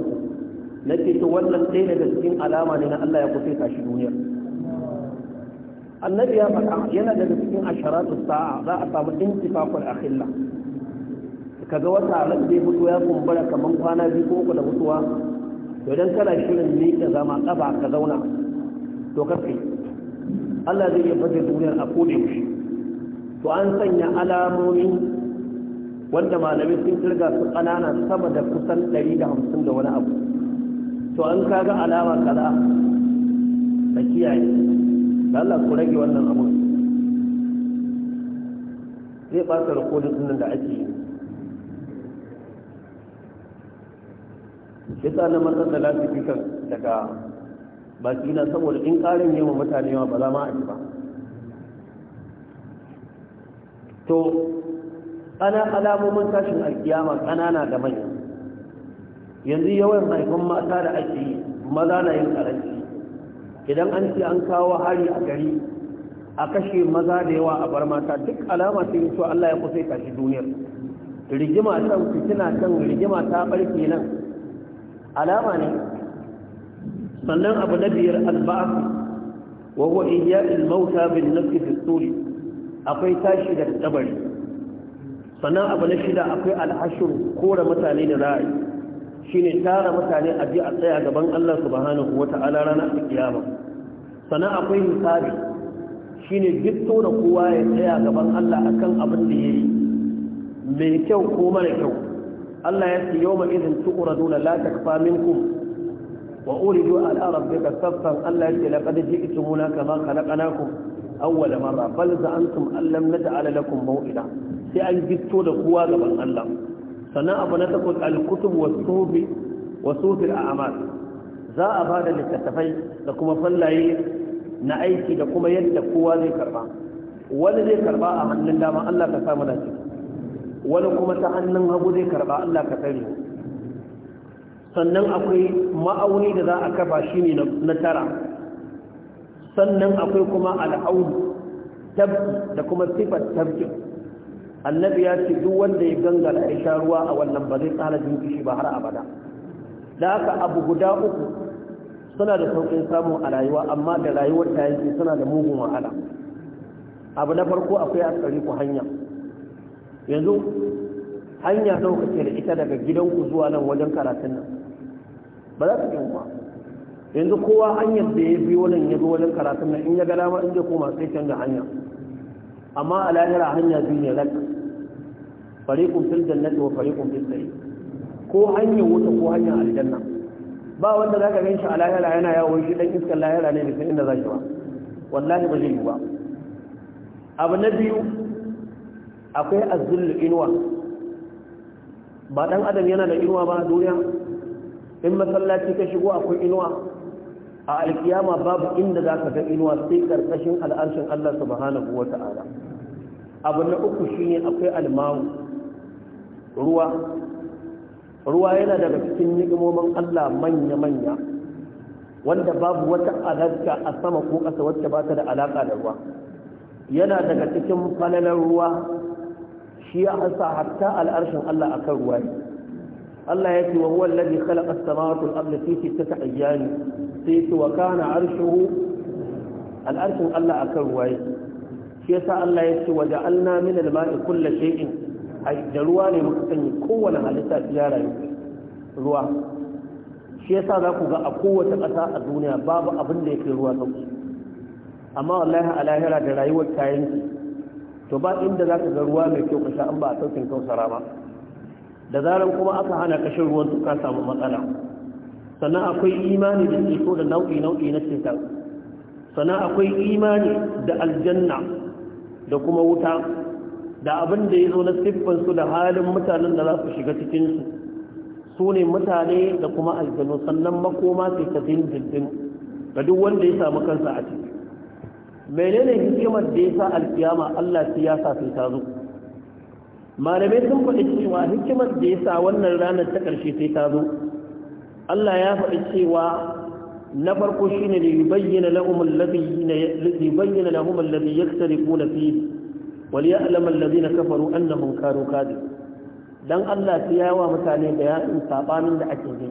na ce to wannan ɗaya daga cikin alama ne na Allah ya kusa shi duniyar annabi ya faɗa yana daga cikin asharatu sa'a za a samu intifaqul akhillah kaga wata ran da ya fito ya kumbura kamar kwana biyu ko uku da mutuwa to idan kana shirin ne ka zama kafa ka zauna to kafi Allah zai iya fage duniyar a kode shi to an sanya alamomi wanda malami sun kirga su kanana sama da kusan 150 da wani abu to an kaga alama kaza ta kiyaye da Allah ku rage wannan abu zai ɓata rikodin sunan da ake yi shi sa na matsar da lasifikan daga baki na saboda in yi yawan mutane yawa ba za ma a ji ba to ana alamomin tashin alkiyama ƙanana da manya yanzu yawan haifan mata da ake yi maza na yin karanci idan an ce an kawo hari a gari a kashe maza da yawa a bar mata duk alama yi so Allah ya kusa tashi duniyar rigima can fitina can rigima ta barke nan alama ne sannan abu na biyar alba'af wa ya ihya'il mauta bin nafi fi akwai tashi da tabari sannan abu na shida akwai alhashin kora mutane da ra'ayi shine tara mutane a ji a tsaya gaban Allah subhanahu a ranar kiyama sannan akwai shi shine gitto da kowa ya tsaya gaban Allah akan abin da ya yi, mai kyau ko mara kyau Allah ya ce izin idin tuqraduna la takfa minkum wa uridu ala rabbika saffan Allah ya ce laqad ji'tumuna kama khalaqnakum awwala mara bal za'antum an lam naj'ala lakum maw'ida sai an gisto da kowa gaban Allah sannan abu na takwas al-kutub was-sufi wasufi amal za a ba da littattafai da kuma fallaye na aiki da kuma yadda kowa zai karba wani zai karba a hannun dama Allah ka samu na ciki wani kuma ta hannun hagu zai karba Allah ka tsare sannan akwai ma'auni da za a kafa shi ne na tara sannan akwai kuma al'aunu tabbi da kuma sifar tabbi annabi ya ce duk wanda ya gangara ya sha ruwa a wannan ba zai tsara jinki shi ba har abada da haka abu guda uku suna da saukin samu a rayuwa amma da rayuwar ta yanki suna da mugun wahala abu na farko akwai a tsari ku hanya yanzu hanya nawa kake da ita daga gidanku zuwa nan wajen karatun nan ba za su yi ba yanzu kowa hanyar da ya bi wannan ya zo wajen karatun nan in ya ga ma in ya koma sai canza hanya amma a lahira hanya biyu ne rak fariqun fil jannati wa fariqun fis sa'ir ko hanyar wuta ko hanyar aljanna ba wanda za ka ganshi a lahira yana yawon shi dan iskan lahira ne da san inda za shi ba wallahi ba zai yi ba abu na biyu akwai azullu inuwa ba dan adam yana da inuwa ba duniya in masallaci ka shigo akwai inuwa a alkiyama babu inda za ka ga inuwa sai karkashin al'arshin Allah subhanahu wa ta'ala abu na uku shine akwai almawu ruwa ruwa yana daga cikin nigimomin Allah manya-manya wanda babu wata alaƙa a sama ko ƙasa wacce ba ta da alaka da ruwa yana daga cikin falalar ruwa shi ya ansa hatta al'arshin Allah akan ruwa ne Allah ya ce wa huwa alladhi khalaqa as-samawati wal arda fi sittati ayyamin sai ce wa kana arshuhu al'arshin Allah akan ruwa ne shi yasa Allah ya ce wa ja'alna min al-ma'i kulli shay'in da ruwa ne muka sanya kowane halitta ya rayu ruwa shi yasa za ku ga a kowace ƙasa a duniya babu abin da yake ruwa sauki amma wallahi a lahira da rayuwar kayan to ba inda za ka ga ruwa mai kyau ka sha an ba a saukin kausara ba da zaran kuma aka hana kashin ruwan tuka ka samu matsala sannan akwai imani da ceto da nau'i nau'i na cetar sannan akwai imani da aljanna da kuma wuta da abin da ya zo na siffansu da halin mutanen da za su shiga cikinsu su ne mutane da kuma aljanu sannan makoma ce ta din ga duk wanda ya samu kansa a ciki menene hikimar da sa alkiyama Allah sai ya sa ta zo malamai sun faɗi cewa hikimar da yasa wannan ranar ta ƙarshe sai ta zo Allah ya faɗi cewa na farko shine ne yubayyana lahum alladhi yubayyana lahum alladhi yaktarifuna fihi wal ya'lamu alladhina kafaru annahum kanu kadhib dan Allah sai ya wa mutane bayanin sabanin da ake yi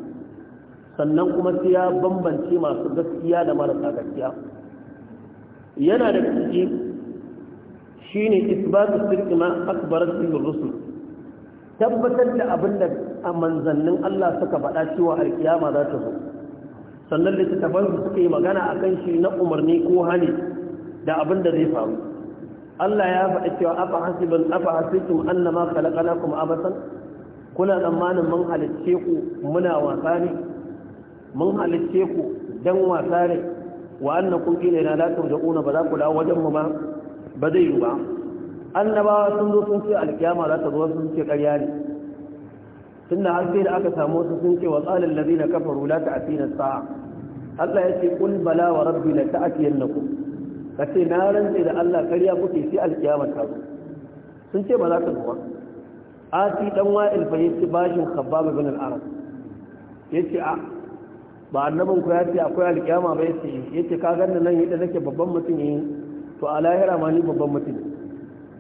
sannan kuma sai ya bambance masu gaskiya da marasa gaskiya yana da ciki shine isbatu sirri ma akbarat rusul tabbatar da abin da a manzannin Allah suka faɗa cewa alkiyama za ta zo sannan littattafan su suka yi magana a kan shi na umarni ko hali da abin da zai faru Allah ya faɗa cewa afa hasiban afa hasibtum annama khalaqnakum abasan kuna tsammanin mun halicce ku muna wasa ne mun halicce ku dan wasa ne wa annakum ilayna la turja'una ba za ku dawo wajenmu ba ba zai yi ba annabawa sun zo sun ce alkiyama za ta zo sun ce ƙarya ne Tun da sai da aka samu su sun ce wa qalal ladina kafaru la ta'tina sa'a Allah ya ce kul bala wa rabbi la ta'tiyannakum kace na rantse da Allah ƙarya kuke shi alkiyama ta zo sun ce ba za ta zo ba ati dan wa'il fahimci bashin khabbab bin al Ya ce a ba annabin ku ya ce akwai alkiyama bai ce yace ka ganna nan yadda nake babban mutum ne to a lahira ma ni babban mutum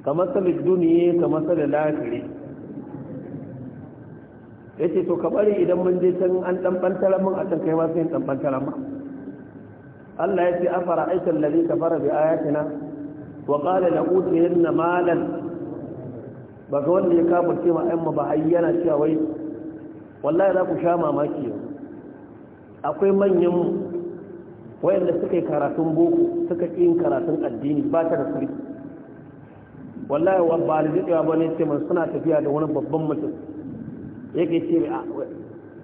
kamar sal duniya kamar sal lahiri yace to ka bari idan mun je can an dan bantara mun a can kai ma sai dan bantara ma Allah ya ce afara aita allazi kafara bi ayatina wa qala la utiyanna malan ba ga wanda ya kafa ce ma ayyan ba ayyana cewa wai wallahi za ku sha mamaki yau akwai manyan wayanda suka yi karatun boko suka yin karatun addini ba ta da sarki wallahi wa ba da daɗewa ba ne ce man suna tafiya da wani babban mutum yake ce ah,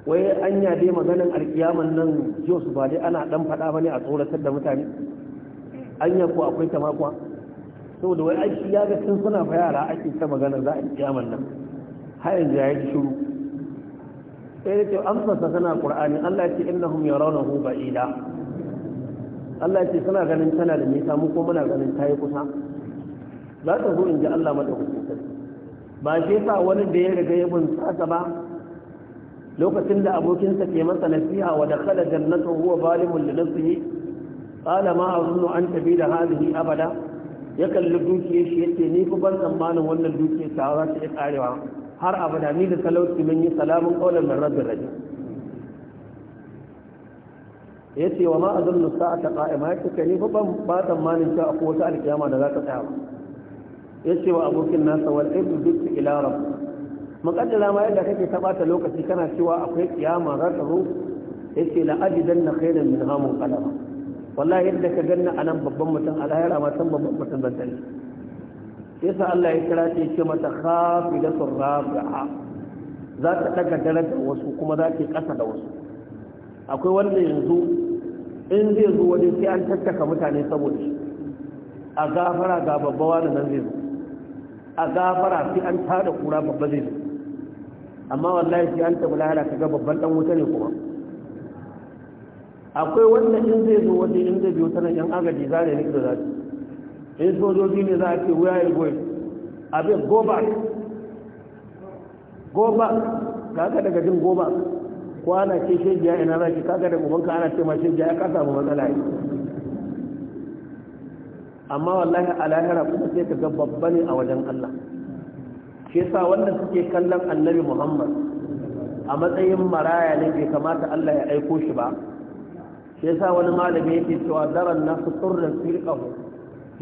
wai an dai maganin alkiyaman nan jos ba dai ana ɗan faɗa ba ne a tsoratar da mutane anya ko akwai ta makwa saboda wai aiki ya ga sun suna fa yara ake ta maganar za a kiyaman nan har yanzu ya yi shiru sai da ce amsarsa tana ƙur'ani Allah ce innahum yarawnahu ba'ida Allah ce suna ganin tana da nisa mu ko muna ganin ta yi kusa za ta zo in ji Allah mata hukuntar ba shi sa wani da ya riga ya bin sasa ba lokacin da abokinsa ke masa nasiha wa da dakhala jannatu huwa zalimun li nafsihi qala ma azunnu an tabida hadhihi abada ya kalli dukiyar shi yace ni fa ban tsammanin wannan dukiyar ta za ta iya karewa har abada ni da talauci mun yi salamun qaulan min rabbir rahim yace wa ma azallu sa'ata qa'ima yace kai ni ban ba tsammanin cewa akwai wata alkiyama da za ta tsaya yace wa abokin nasa wal ibnu bi ila rabb muqaddara ma yadda kake ta bata lokaci kana cewa akwai kiyama za ta zo yace la ajidanna khayran min hamun qalama wallahi yadda ka ganna anan babban mutum a lahira ma san babban mutum zan tare yasa Allah ya kira ta ce mata khafidatur rafi'a za ta daga daraja wasu kuma za ta kasa da wasu akwai wanda yanzu in zai zo waje sai an tattaka mutane saboda shi a gafara ga babba wani nan zai zo a gafara sai an tada kura babba zai zo amma wallahi sai an tabi lahara kaga babban dan wuta ne kuma akwai wanda in zai zo waje in zai biyo tana yan agaji zare ne da zai in sojoji ne za a ce wuya ya goyi abin goba goba kaga daga jin goba kwana ce shejiya ina za ki kaga da ubanka ana ce ma shejiya ya kasa mu matsala yi amma wallahi a lahira kuma sai ka ga babba ne a wajen Allah shi yasa wanda suke kallon annabi Muhammad a matsayin maraya ne bai kamata Allah ya aiko shi ba shi yasa wani malami yake cewa daran nasu turran firqahu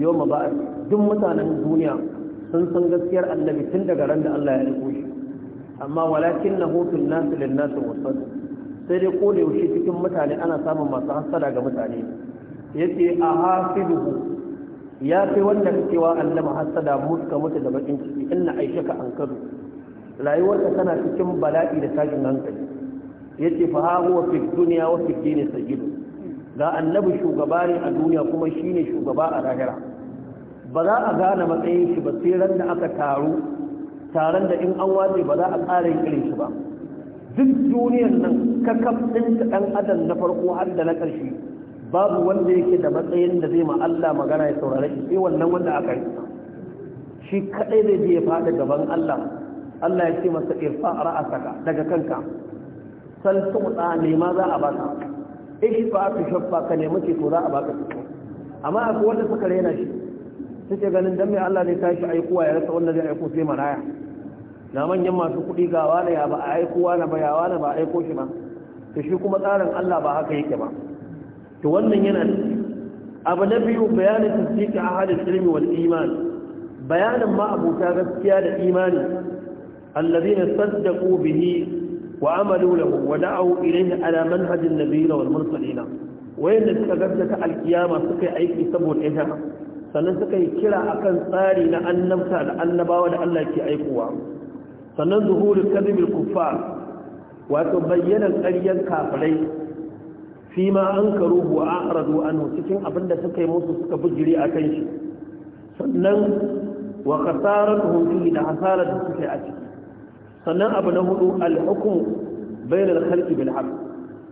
yau ma ba duk mutanen duniya sun san gaskiyar annabi tun daga ran da Allah ya riko shi amma walakin na hutun nasu lin nasu wasan sai dai ko da yaushe cikin mutane ana samun masu hasada ga mutane yace a hafiduhu ya fi wanda kake wa annabi hasada muska mutu da bakin ciki inna ka ankaru rayuwar ka tana cikin bala'i da tashin hankali yace fa ha huwa fi dunya wa fi dini sajidu ga annabi shugaba ne a duniya kuma shine shugaba a rahira. ba za a gane matsayin shi ba sai da aka taru taron da in an watsa ba za a tsara irin shi ba duk duniyar nan kakaf ɗin ta ɗan adam na farko har da na ƙarshe babu wanda yake da matsayin da zai ma Allah magana ya saurare shi sai wannan wanda aka yi shi kadai zai je ya gaban Allah Allah ya ce masa irfa ra'asaka daga kanka sal tuɗa ne ma za a baka ishfa tu shaffa ka nemi ce to za a baka amma akwai wanda suka rena shi suke ganin dan mai Allah zai tashi aikuwa ya rasa wanda zai aiko sai maraya na manyan masu kuɗi ga wani ya ba a aikuwa na ba ya wani ba aiko shi ba Ta shi kuma tsarin Allah ba haka yake ba Ta wannan yana abu na biyu bayanin a ahadul ilmi wal iman bayanin ma abuta gaskiya da imani alladhina Saddaku bihi wa amalu lahu wa da'u ilayhi ala manhajin nabiyina wal mursalina wayanda suka gaskata alkiyama suka yi aiki saboda ita sannan suka yi kira akan tsari na annabta da annabawa da Allah ke aikowa sannan zuhurin kadhibil kuffar wato bayyanar ƙaryar kafirai fi ma an karu wa a'radu anhu cikin abin da suka yi musu suka bujire a kan shi sannan wa khasaratuhum fi da hasarar da suka yi a ciki sannan abu na hudu al-hukm bainal khalqi bil haqq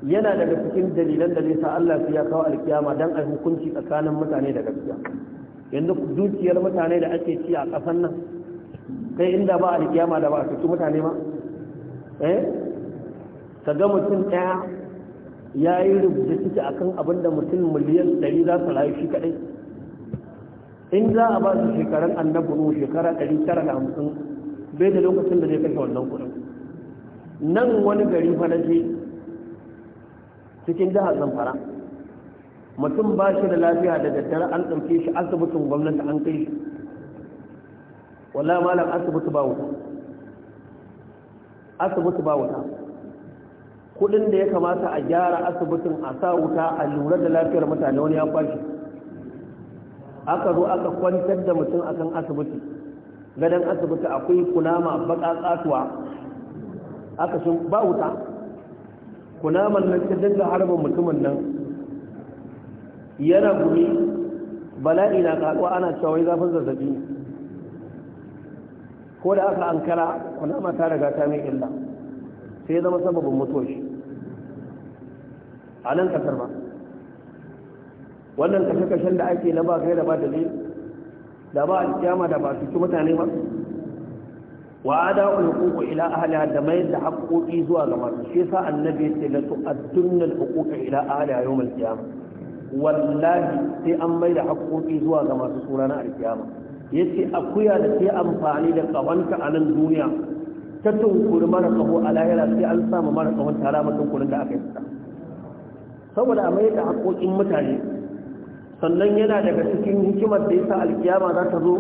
yana daga cikin dalilan da zai sa Allah ya kawo alkiyama dan ai hukunci tsakanin mutane da gaskiya yanzu dukiyar mutane da ake ci a ƙasan nan kai inda ba a rikiyama da ba a cikin mutane ba eh ka ga mutum ɗaya ya yi rubuta ciki a kan abin da mutum miliyan ɗari za su rayu shi kaɗai in za a ba su shekarun annabu shekara ɗari da hamsin bai da lokacin da zai kashe wannan kuɗin nan wani gari fa na cikin jihar zamfara mutum ba shi da lafiya da daddare an ɗauke shi asibitin gwamnati an kai shi wala malam asibiti ba wuta asibiti ba wuta kudin da ya kamata a gyara asibitin a sa wuta a lura da lafiyar mutane wani ya kwashi aka zo aka kwantar da mutum akan asibiti gadon asibiti akwai kunama baka katuwa aka sun ba wuta kunaman nan ta dinga harbin mutumin nan yana gumi bala'i na karuwa ana cewa wai zafin zazzabi ko da aka ankara kuna mata riga ta mai illa sai ya zama sababin mutuwar shi a nan kasar ba wannan kashe-kashen da ake na ba kai da ba da dalil da ba a alkiyama da ba su ci mutane ba wa ada ulququ ila ahliha da mai da haƙoƙi zuwa ga masu shi yasa annabi ya ce la tu'addunna al-huquqa ila ahliha yawm al-qiyamah wallahi sai an mai da haƙoƙi zuwa ga masu tsora na alkiyama ya ce akuya da sai amfani da ƙawanta a nan duniya ta tunkuri mara ƙaho a lahira sai an samu mara ƙahon tara mata tunkurin da aka yi saboda a mai da haƙoƙin mutane sannan yana daga cikin hikimar da ya sa alkiyama za ta zo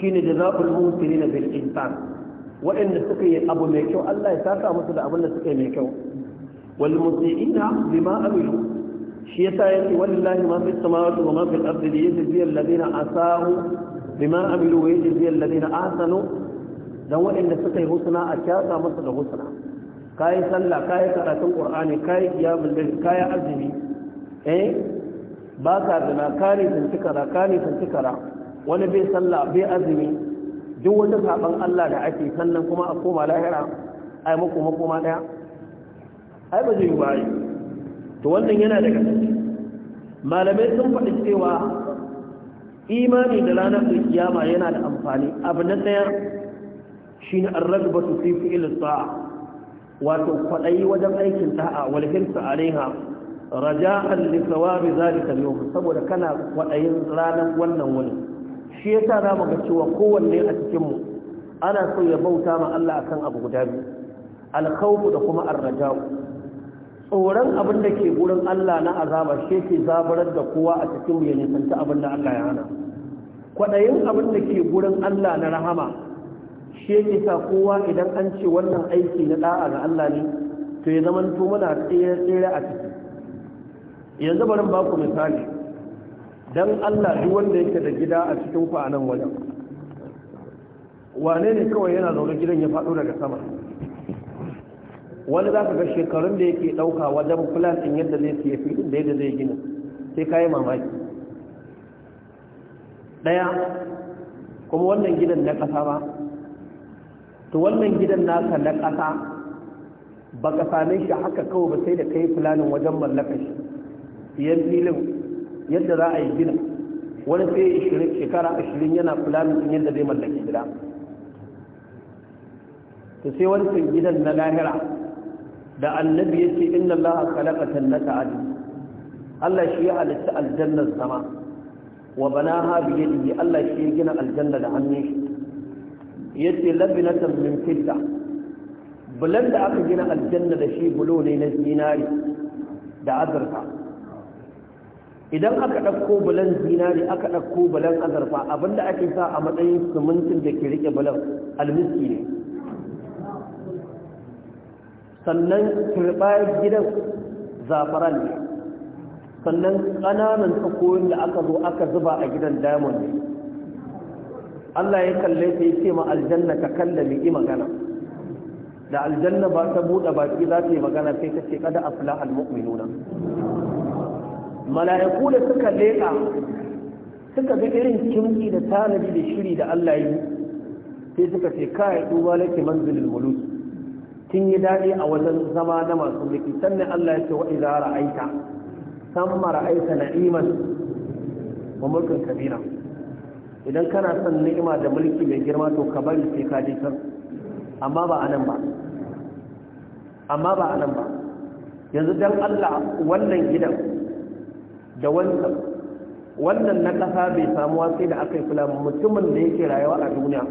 shine jaza'ul na bil ihsan waɗanda suka yi abu mai kyau Allah ya saka musu da abin da suka yi mai kyau wal musiina bima amilu shi yasa yake wallahi ma fi samawati wa ma fi al-ardi li yajzi alladhina asahu bima amilu wa yajzi alladhina ahsanu dan waɗanda suka yi husna a kyasa masa da husna kayi sallah kayi karatun qur'ani kayi qiyamul layl kayi azumi eh ba ka zina kare tantu kaza kare tantu kaza wani bai sallah bai azumi duk wani saban Allah da ake sannan kuma a koma lahira ai muku makoma daya ai ba zai yi ba to wannan yana daga ciki malamai sun faɗi cewa imani da ranar kiyama yana da amfani abu na ɗaya shine ar su fi fi'l sa'a wato kwaɗayi wajen aikin ta'a walhinsa a reha raja'an lissawabi zalika yau saboda kana kwaɗayin ranar wannan wani shi ya sa za mu ga cewa kowanne a cikinmu ana so ya bauta ma Allah akan abu guda biyu alkhawfu da kuma arraja'u tsoron abin da ke gurin Allah na azaba shi ke zabarar da kowa a cikin ya nisanta abin da Allah ya hana kwaɗayin abin da ke gurin Allah na rahama shi ke sa kowa idan an ce wannan aiki na da'a ga Allah ne to ya zama to muna tsere a ciki yanzu bari ba ku misali dan Allah duk wanda yake da gida a cikin ku a nan wajen wane ne kawai yana zaune gidan ya faɗo daga sama wani za ka ga shekarun da yake ɗauka wajen plan ɗin yadda zai siya filin da yadda zai gina sai ka yi mamaki ɗaya kuma wannan gidan na ƙasa ba to wannan gidan nasa na ƙasa ba ka same shi haka kawai ba sai da ka yi filanin wajen mallakar shi siyan filin yadda za a yi gina wani sai shekara ashirin yana filanin ɗin yadda zai mallaki gida to sai wani gidan na lahira da annabi ya ce inna allaha khalaqa jannata adn Allah shi ya halitta aljannar sama wa banaha bi yadihi Allah shi ya gina aljanna da hannun shi yace labinatan min fidda bulan da aka gina aljanna da shi bulo ne na zinari da azurfa idan aka ɗauko bulan zinari aka ɗauko bulan azurfa abinda ake sa a matsayin sumuntin da ke rike bulan almiski ne sannan turbayar gidan zafaran ne sannan ƙananan tsakoyin da aka zo aka zuba a gidan diamond ne Allah ya kalle ta yi ce ma aljanna ka mai yi magana da aljanna ba ta buɗe baki za ta yi magana sai ta ce kada afla al-mu'minuna mala'iku da suka leƙa suka ga irin kimki da tanadi da shiri da Allah yi sai suka ce kai duba lake manzilul muluk kin yi daɗi a wajen zama na masu mulki sannan Allah ya ce wa idza ra'aita samma ra'aita na'iman wa mulkin kabira idan kana son ni'ima da mulki mai girma to ka bari sai ka je can amma ba anan ba amma ba anan ba yanzu dan Allah wannan gidan da wannan wannan na kasa bai samuwa sai da aka yi fulani mutumin da yake rayuwa a duniya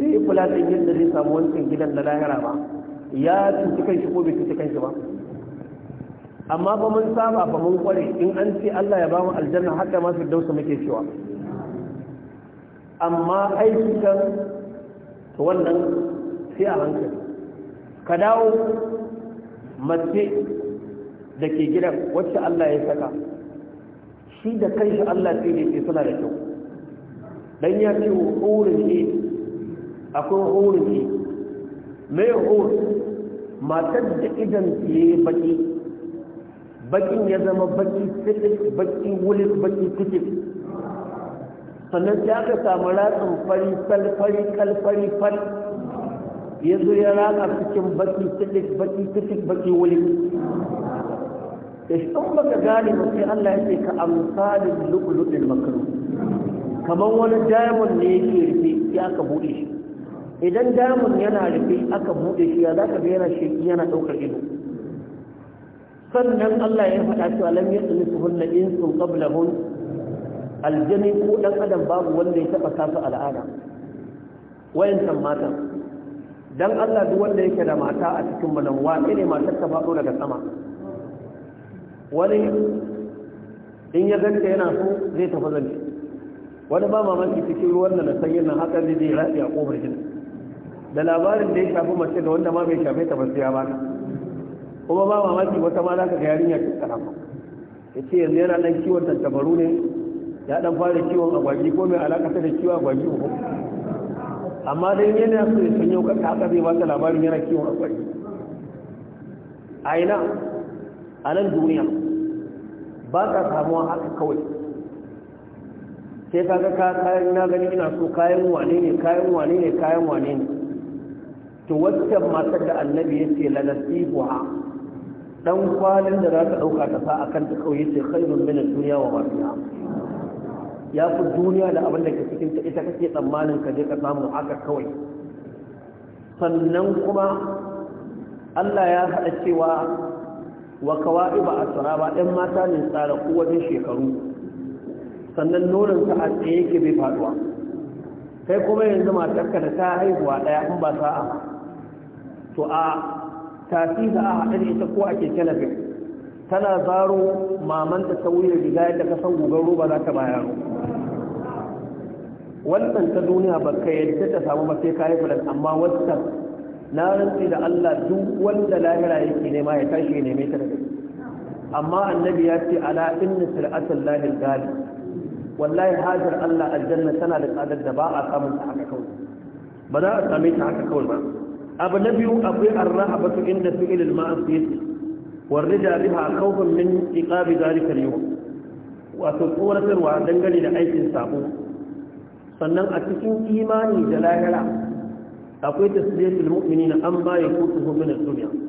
bai yi fulani yadda zai samu wancan gidan da lahira ba ya cuci kanshi ko bai cuci kanshi ba amma ba mun saba ba mun kware in an ce Allah ya ba mu aljanna haka ma firdausa muke cewa amma aiki kan to wannan sai a hankali ka dawo mace da ke gidan wacce Allah ya saka shi da kanshi Allah sai da ke suna da kyau dan ya ce wurin ne akwai wurin ne mai hur matar da idan ya baki bakin ya zama baki silik baki wulik baki kutik sannan sai aka samu ratsin fari salfari kalfari fal ya zo ya raka cikin baki silik baki kutik baki wulik da shi in baka gane ba sai Allah ya ce ka amsalin lu'lu'il makru kamar wani diamond ne yake rufe ya ka buɗe. shi idan damun yana rufe aka buɗe shi ya za ka shi sheki yana ɗaukar ido sannan Allah ya faɗa cewa ya tsini su hunna in su qabla hun aljani ko ɗan adam babu wanda ya taɓa kasu al'ada wayancan matan dan Allah duk wanda yake da mata a cikin manan wane ne matar ta faɗo daga sama wani in ya ganta yana so zai tafi zanci wani ba mamaki cikin ruwan da na sanyin na haka zai zai rafi a ƙofar jini da labarin da ya shafi mace da wanda ma bai shafe ta ba ya ba kuma ba mamaki wata ma za ka ga yarinya ta karama ya ce yanzu yana nan kiwon tantabaru ne ya dan fara kiwon agwagi ko mai alakata da kiwon agwagi ko amma dai yana so ya sanyo ka haka zai ba ta labarin yana kiwon agwagi a ina a nan duniya ba ka samuwa haka kawai sai ka ga kayan na gani ina so kayan wane ne kayan wane ne kayan wane ne to waccan matar da annabi ya ce la nasibuha dan kwalin da za ka dauka ta fa akan ta kauye ce khairun min ad-dunya wa ma fiha ya fi duniya da abin da ke cikin ta ita kake tsammanin ka je ka samu haka kawai sannan kuma Allah ya haɗa cewa wa kawai ba a tsara ba ɗan mata ne tsara kowane shekaru sannan noninsa a tsaye yake bai faɗuwa. kai kuma yanzu matarka da ta haihuwa ɗaya in ba sa'a to a tafi da a haɗa da ita ko ake talafin tana zaro mamanta ta wuyan riga yadda ka san gugan roba za ta bayar wannan ta duniya ba ka yadda ta samu ba sai kayi fulan amma wata na rantsi da Allah duk wanda lahira yake nema ya tashi ya neme ta da amma annabi ya ce ala inna sir'atul lahil gali wallahi hajar Allah aljanna tana da tsadar da ba a samun ta haka kawai ba za a same ta haka kawai ba abu na biyu akwai arrahabatu inda fi'il al-ma'asiyati a biha khawfan min iqabi zalika al wato tsoratarwa dangane da aikin sabo sannan a cikin imani da lahira akwai tasiriyatul mu'minina an ba ya kutu hu min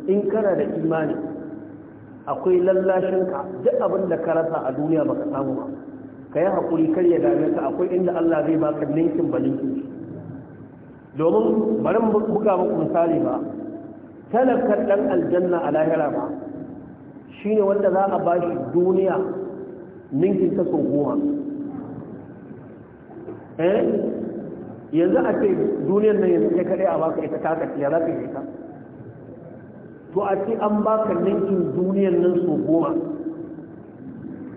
in kana da imani akwai lallashin ka duk abin da ka rasa a duniya baka samu ba kai hakuri kar ya dame ka akwai inda Allah zai baka ninkin balinki domin bari buga muku misali ba talakar ɗan aljanna a lahira ba shi ne wanda za a ba shi duniya ninkin ta kaso goma eh yanzu a ce duniyar nan yanzu ya kaɗai a baka ita taka ya za ka yi ta to a ce an baka ninkin duniyar nan so goma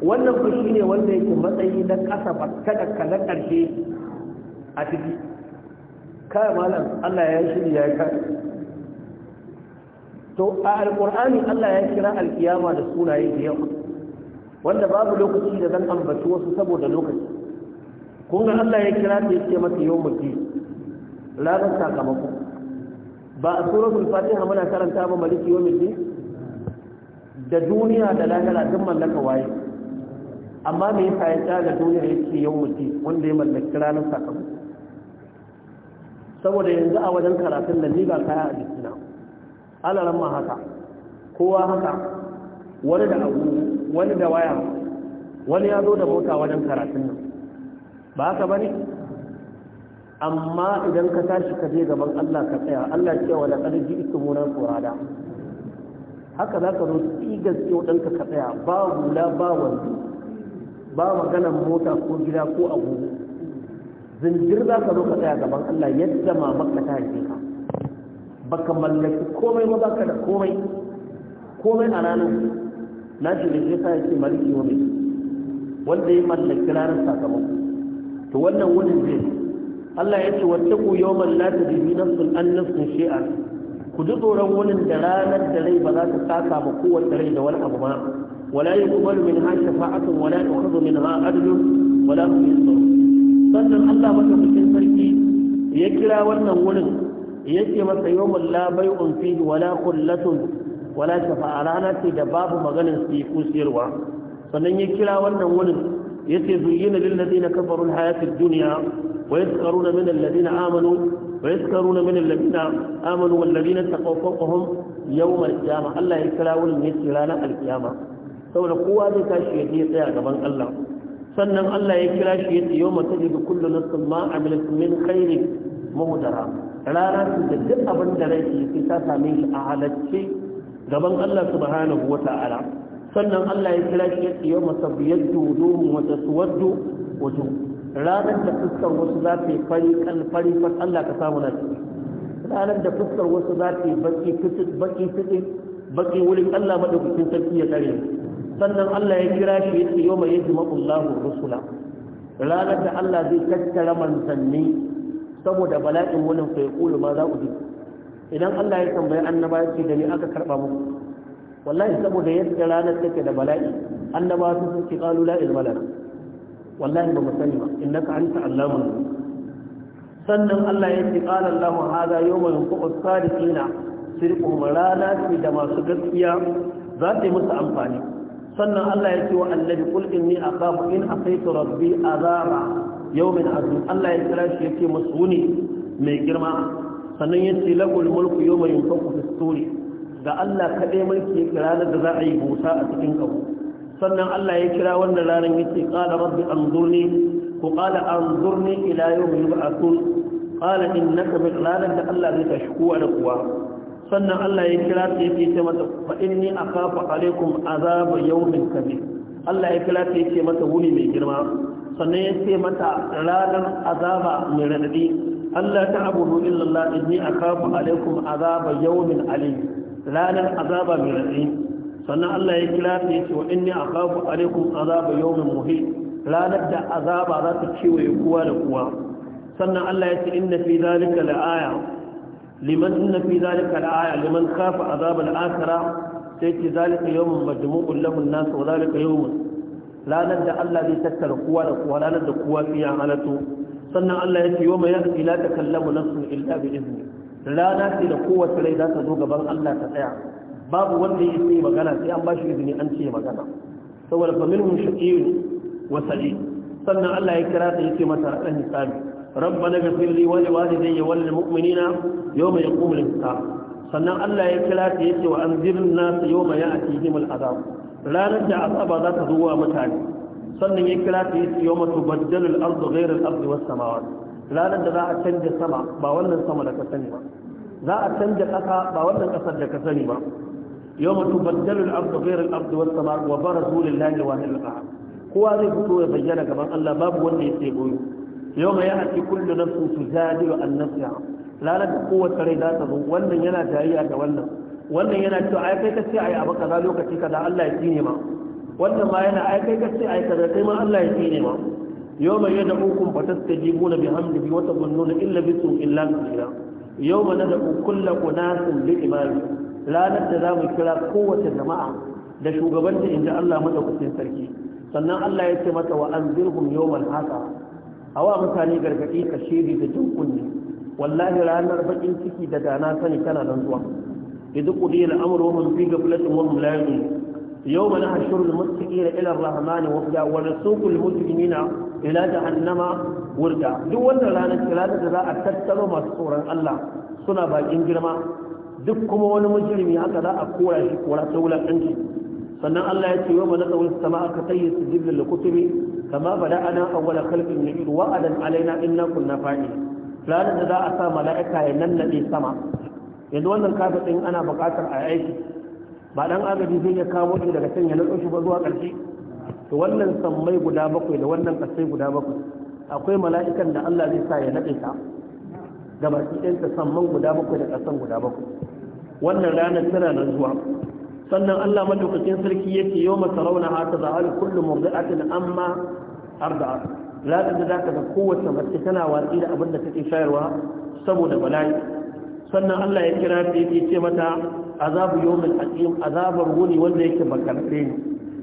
wannan ku shi ne wanda yake matsayi na ƙasa ba kada ka na ƙarshe a ciki Kayan malam Allah ya shirya ya kai to a alqur'ani Allah ya kira alkiyama da sunaye da yawa wanda babu lokaci da zan ambaci wasu saboda lokaci kun ga Allah ya kira ta yake mata yawmul din ranar sakamako ba a suratul fatiha muna karanta ba maliki yawmul din da duniya da lahira duk mallaka waye amma me yasa ya tsaya da duniya yake yawmul din wanda ya mallaki ranar sakamako saboda yanzu a wajen karatun da ni ba kaya a jikina alaran ma haka kowa haka wani da abu wani da waya wani ya zo da mota wajen karatun nan ba haka ba ne amma idan ka tashi ka je gaban Allah ka tsaya Allah ce wa laqad munar furada haka za ka zo tsigar gaske ɗanka ka tsaya ba hula ba wanzu ba maganan mota ko gida ko agogo Zinjir za ka zo ka tsaya gaban Allah yadda mamanka ta haife ka baka mallaki komai ba baka da komai komai a ranar na shi da shi sa yake maliki wa mai wanda ya mallaki ranar sakamako to wannan wurin zai Allah ya ce wata ku yau mallata da biyu nafsun an nafsun shi'ar ku ji tsoron wurin da ranar da rai ba za ta saka ma kowace rai da wani abu ba wala yi kubar min ha shafa'atun wala yi kubar min ha adalun wala ku yi tsoro sannan Allah madaukakin sarki ya kira wannan wurin ce masa yawmul la bai'un fihi wala qullatun wala shafa'a rana ce da babu maganin su ko siyarwa sannan ya kira wannan wurin yace zuyyina lil ladina kafaru hayatid dunya wa yaskaruna min alladina amanu wa na min amanu wal Allah ya kira wurin yace ranar al qiyamah saboda kowa zai tashi ya tsaya gaban Allah sannan Allah ya kira shi yace yawma tajidu kullu nafsin ma amilat min khairin muhdara rana su da duk abin da rai sai ta same shi a halacce gaban Allah subhanahu ta'ala. sannan Allah ya kira shi yace yawma tabyaddu wujuhum wa taswaddu wujuh ranar da fuskar wasu za ta yi fari kan fari fat Allah ka samu na ciki ranar da fuskar wasu za ta yi baki fitin baki wurin Allah madaukakin sarki ya kare sannan Allah ya kira shi yace yawma yajma'u Allahu rusula ranar da Allah zai tattara manzanni saboda bala'in wannan fa yaqulu ma za uji idan Allah ya tambayi annaba yace da ni aka karba muku wallahi saboda yadda ranar take da bala'i annaba su suke qalu la ilma lana wallahi ba mu sani ba innaka anta allamun sannan Allah ya ce qala Allahu hadha yawmun yuqu as-sadiqina sirquhum rana ce da masu gaskiya za ta yi musu amfani sannan Allah ya ce wa annabi qul inni akhafu in asaitu rabbi azaba yawmin azim Allah ya kira shi yake masuni mai girma sannan ya ce mulku yawma yunfaku fi suri ga Allah kaɗai mulki ranar da za a yi busa a cikin kabu sannan Allah ya kira wannan ranar yace qala rabbi anzurni ko qala anzurni ila yawmi yub'athun qala innaka bil ranar da Allah zai tashi kowa da kowa sannan Allah ya kira ta yake ce mata fa inni akhafu alaikum azab yawmin kabir Allah ya kira ta yake mata wuni mai girma sannan ya ce mata ranar azaba mai radadi Allah ta abudu illallah inni akhafu alaikum azab yawmin alim ranar azaba mai radadi sannan Allah ya kira ta yake wa inni akhafu alaikum azab yawmin muhit ranar da azaba za ta kewaye kowa da kowa sannan Allah ya ce inna fi zalika la'aya liman inna fi zalika al-aya liman khafa azab al-akhirah sai ce zalika yawmun majmu'un lahu an-nas wa zalika yawmun lanar da Allah zai tattara kowa da kowa lanar da kowa fiya halatu sannan Allah ya ce yawma ya'ti la takallamu nafsun illa bi izni Lana ce da kowace rai za ta zo gaban Allah ta tsaya babu wanda ya yi magana sai an bashi izini an ce magana saboda fa minhum shaqiyyun wa sa'id sannan Allah ya kira ta yace mata ra'an hisabi ربنا اغفر لي ولوالدي وللمؤمنين يوم يقوم الحساب sannan Allah ya kira ta yace wa anzirin nasu yau mai atihim al'azab ranar da azaba za ta zo wa mutane sannan ya kira ta yace yau matu baddalul ardu ghairal ardi was samawat ranar da za a canja sama ba wannan sama da ka sani ba za a canja ƙasa ba wannan ƙasar da ka sani ba yau matu baddalul ardu ghairal ardi was samawat wa barazu lillahi wahid al-ahad kowa zai fito ya bayyana gaban Allah babu wanda ya sai goyo yau mai yana ci na nafsin su zadiru an nafsiha lalar da kowace rai za ta zo wannan yana jayayya da wannan wannan yana cewa ai kai kace ai abu kaza lokaci kaza Allah ya tsine ma wannan ma yana ai kai kace ai kaza kai ma Allah ya tsine ma yau mai yadda hukum fatastajibuna bihamdihi wa tazunnuna illa bisu illa qila yau ma na da kulla kunasin bi imami ranar da za mu kira kowace jama'a da shugabanta inda Allah madaukakin sarki sannan Allah ya ce mata wa an zirhum yawmal hasa hawa mutane gargaɗi ka shiri da jin kunne wallahi ranar bakin ciki da dana sani tana nan zuwa idh qudiya al-amru hum fi ghaflatin wa hum la yu'minun yawma da al-muttaqina ila ar-rahmani wafda wa nasuqu mujrimina ila jahannama wurda duk wannan ranar kirada da za a tattaro masu tsoron Allah suna bakin girma duk kuma wani mujrimi haka za a kora shi kora ta wulakanci sannan Allah ya ce yawma nasawu as-sama'a ka tayyis jibril al-kutubi kama bada ana awwala khalqin yu'id wa'adan alaina inna kunna fa'il ranar da za a sa mala'ika ya nannade sama yanzu wannan kafin din ana buƙatar a aiki ba dan agaji zai ya kawo din daga can ya nado shi ba zuwa ƙarshe to wannan sammai guda bakwai da wannan ƙasai guda bakwai akwai mala'ikan da Allah zai sa ya nade ta ɗin ta samman guda bakwai da ƙasan guda bakwai wannan ranar tana nan zuwa sannan Allah madaukakin sarki yake yau masa rauna ha kullum zahar kullu murdi'atin amma arba'a ladan da zaka ga kowace mace tana watsi da abinda da take shayarwa saboda bala'i sannan Allah ya kira ta yake ce mata azabu yawmin aqim azabar wuni wanda yake bakarfe ne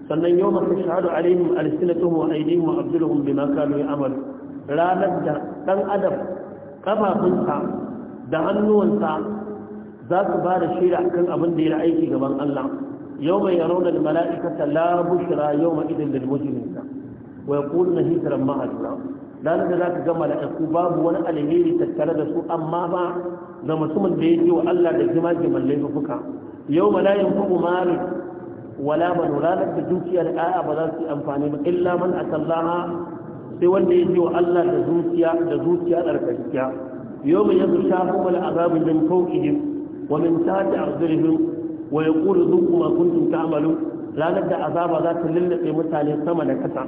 sannan yawma tashhadu alaihim alsinatuhum wa aydihim wa abduluhum bima kanu ya'malu ranar da dan adam kafafunsa da hannuwansa za su ba da shira kan abin da ya aiki gaban Allah yawma yarawna almala'ikata la bushra yawma idin lil mujrimin wa yaquluna hitran ma ajra dan da zaka ga mala'iku babu wani alheri tattare da su amma ba ga mutumin da yake wa Allah da jima jiman laifuka yau la yanfu mari wala banu ranar da dukiyar a'a ba za su yi amfani ba illa man atallaha sai wanda yake wa Allah da zuciya da zuciya tsarkakiya yau mai yanzu shafi wani azabu min fawqihim wa min tahti arjulihim wa yaqulu dhuqu ma kuntum ta'malun ranar da azaba za ta lullabe mutane sama da kasa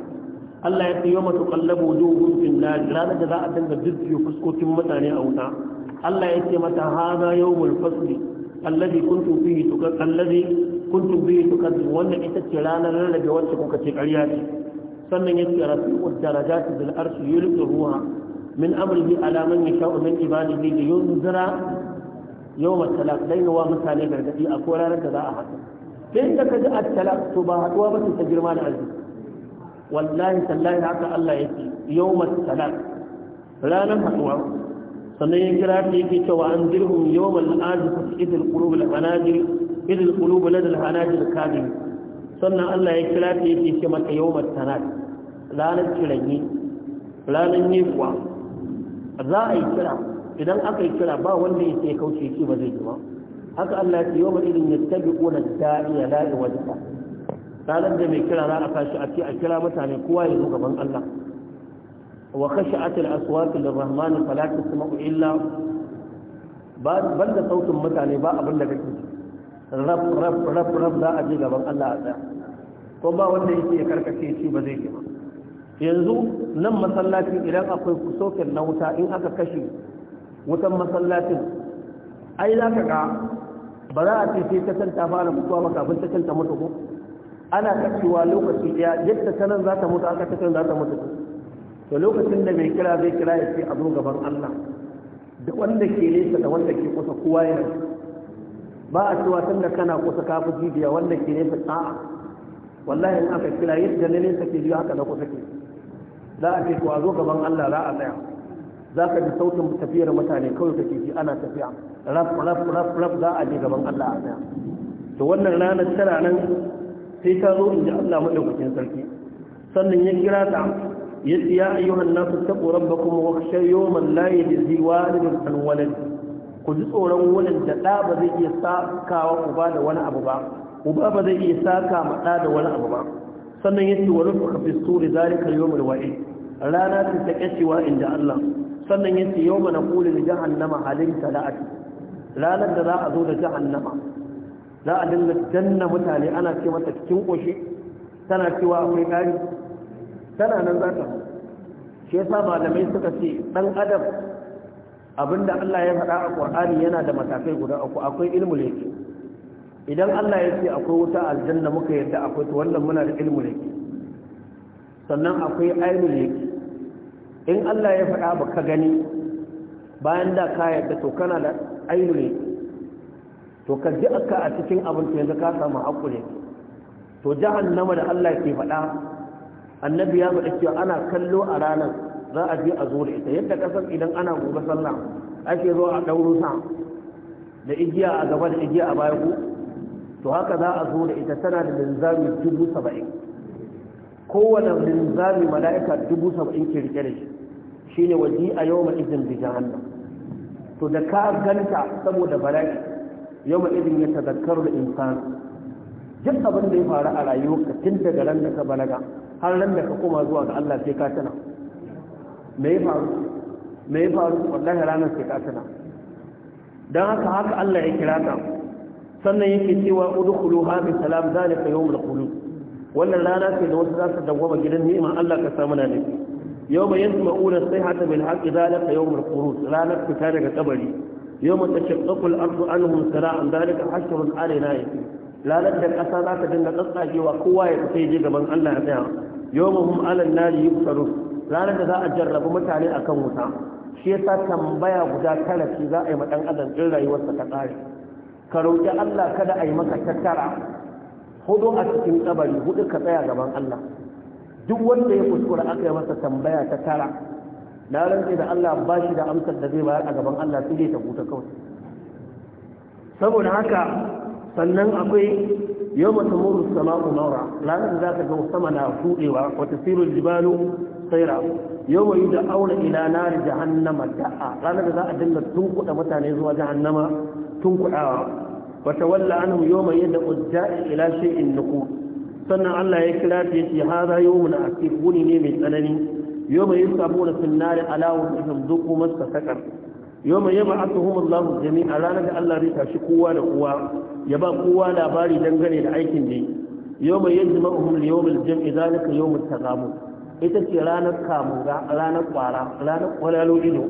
Allah ya tsayo mata kallabu wujuhun fil nar ranar da za a dinga dukkiyo fuskokin mutane a wuta Allah ya ce mata hada yau fasli alladhi kuntum fihi tukad alladhi kuntum fihi tukad wannan ita ce ranar rarrabe wacce kuka ce ƙarya ce sannan ya ce rafi'ud darajat bil arshi yulqi ruha min amrihi ala man yasha'u min ibadihi li yunzira yawm at-talaq dan wa mutane gargadi a ranar da za a haɗu sai da kaji ba haɗuwa ba ta girma da arziki wallahi tallahi haka Allah yake yawmat talaq ranar haduwa sannan ya kira ta yake cewa an dirhum yawmal azif idil qulub al hanajir idil qulub lad al hanajir kadim sannan Allah ya kira ta yake ce maka yawmat talaq ranar kiranyi ranar yekuwa za a yi kira idan aka yi kira ba wanda ya sai kauce shi ba zai ji ba haka Allah ya ce yawmal idin yattabiquna da'iya la'i wajha ranar da mai kira za a tashi a ce a kira mutane kowa ya zo gaban Allah wa khashi'at al-aswat lir-rahman fala tasma'u illa banda sautin mutane ba abin da kake rab rab rab rab za a je gaban Allah a tsaya ko ba wanda yake ya karkace shi ba zai ba yanzu nan masallacin idan akwai soket na wuta in aka kashe wutan masallacin ai za ka ga ba za a ce sai ta kanta fara fitowa ba kafin ta kanta mutu ko ana kacewa lokaci daya yadda ta nan za ta mutu aka ta kan za ta mutu to lokacin da mai kira zai kira ya ce a zo gaban Allah da wanda ke nesa da wanda ke kusa kowa ya ba a cewa tun da kana kusa kafi jibiya wanda ke nesa a'a wallahi in aka kira yadda na nesa ke biyu haka na kusa ke za a ce to a zo gaban Allah za a tsaya za ka ji sautin tafiyar mutane kawai kake ji ana tafiya raf raf raf raf za a je gaban Allah a tsaya to wannan ranar tana nan sai ta zo in ji Allah madaukakin sarki sannan ya kira ta ya ce ya ayyuhan nasu taqu rabbakum wa khshaw yawman la yajzi da an walad ku ji tsoron wurin da ɗa ba zai iya sakawa uba da wani abu ba uba ba zai iya saka ma ɗa da wani abu ba sannan ya ce wa rufuka fi suri zalika yawmul wa'id rana ta ta kacewa inda Allah sannan ya ce yawma naqulu li jahannama halim tala'at ranar da za a zo da jahannama za a dinga danna mutane ana ce mata cikin koshi tana cewa akwai ƙari tana nan za ta shi yasa malamai suka ce ɗan adam abinda Allah ya faɗa a Qur'ani yana da matakai guda uku akwai ilmul yaqin idan Allah ya ce akwai wuta aljanna muka yadda akwai to wannan muna da ilmul yaqin sannan akwai ainul yaqin in Allah ya faɗa ba ka gani bayan da ka yadda to kana da ainul yaqin to ka ji aka a cikin abin to yanzu ka samu haƙure to jahannama da Allah ke faɗa annabi ya faɗa cewa ana kallo a ranar za a je a zo da ita yadda kasan idan ana gobe sallah ake zo a ɗauro sa da igiya a gaba da igiya a baya ku to haka za a zo da ita tana da linzami dubu saba'in kowane linzami mala'ika dubu saba'in ke rike da shi shine waji a yau ma izin bi jahannam to da ka ganta saboda bala'i yau izin ya tazakkaru da insan duk abin da ya faru a rayuwarka tun daga ran da ka balaga har ran da ka koma zuwa ga Allah sai ka tana me ya faru me ya faru wallahi ranar sai ka tana dan haka haka Allah ya kira ka sannan yake cewa udkhuluha bi salam zalika yawmul khulud wannan rana ce da wasu za su dawwama gidan ni'ima Allah ka samu na nufi yau mai yanzu ma'unar sai hata bil haƙi zalika yawmul khulud ranar fita daga kabari يوم تشقق الأرض عنهم سراعا ذلك حشر kowa لا لدى الأسى جنة تطلعي وقوة يتسيجي قبل الله بها يومهم على yi يبصرون ranar da za a jarrabu mutane a kan wuta shi yasa tambaya guda tara ce za a yi maɗan adam ɗin rayuwarsa ta ƙare ka roƙi Allah kada a yi maka tattara hudu a cikin kabari hudu ka tsaya gaban Allah duk wanda ya kuskura aka yi masa tambaya ta tara na rantse da Allah ba shi da amsar da zai bayar a gaban Allah su dai ta huta kawai saboda haka sannan akwai yau mata muru sama'u maura ranar za ta ga sama na fudewa wata sirul jibalu saira yau mai da aure ila nari jahannama da'a lalata za a dinga tunkuɗa mutane zuwa jahannama tunkuɗawa wata walla anhu yau mai yadda ujja'i ila shay'in nuku sannan Allah ya kira ta yace hada yawmun asif wuni ne mai tsanani يوم يسعبون في النار على وجههم ذوقوا مس سقر يوم يبعثهم الله جميعا da Allah zai tashi kowa da kowa ya ba kowa labari dangane da aikin ne yawma yajma'uhum li yawmil jam'i zalika yawmut taghabun ita ce ranar kamura ranar kwara ranar kwalalo ido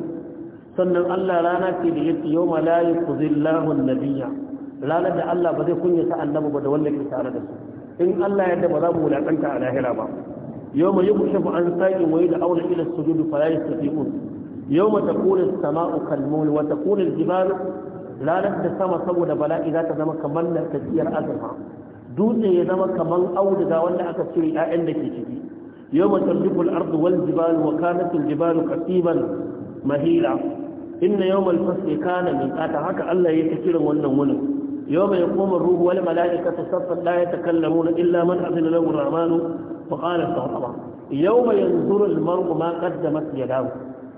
sannan Allah rana ce da yake yawma la yukhzillahu an-nabiyya ranar da Allah ba zai kunyata annabi ba da wanda ke tare da su in Allah ya da ba za mu wulakanta a lahira ba yawma yukshafu an saqin wa yad'una ila as-sujud fala yastati'un yawma taqulu as-sama'u kalmul wa taqulu al-jibal ranar da sama saboda bala'i za ta zama kamar na tafiyar azurfa dutse ya zama kamar auduga wanda aka cire 'ya'yan da ke ciki yawma tarjifu al-ardu wal wa kanat al-jibalu qatiban mahila inna yawmal fasli kana miqata haka Allah yake kiran wannan wunin yawma yaqumu ar-ruhu wal mala'ikatu saffan la yatakallamuna illa فقال صوتما يوم ينظر المرء ما قدمت يداه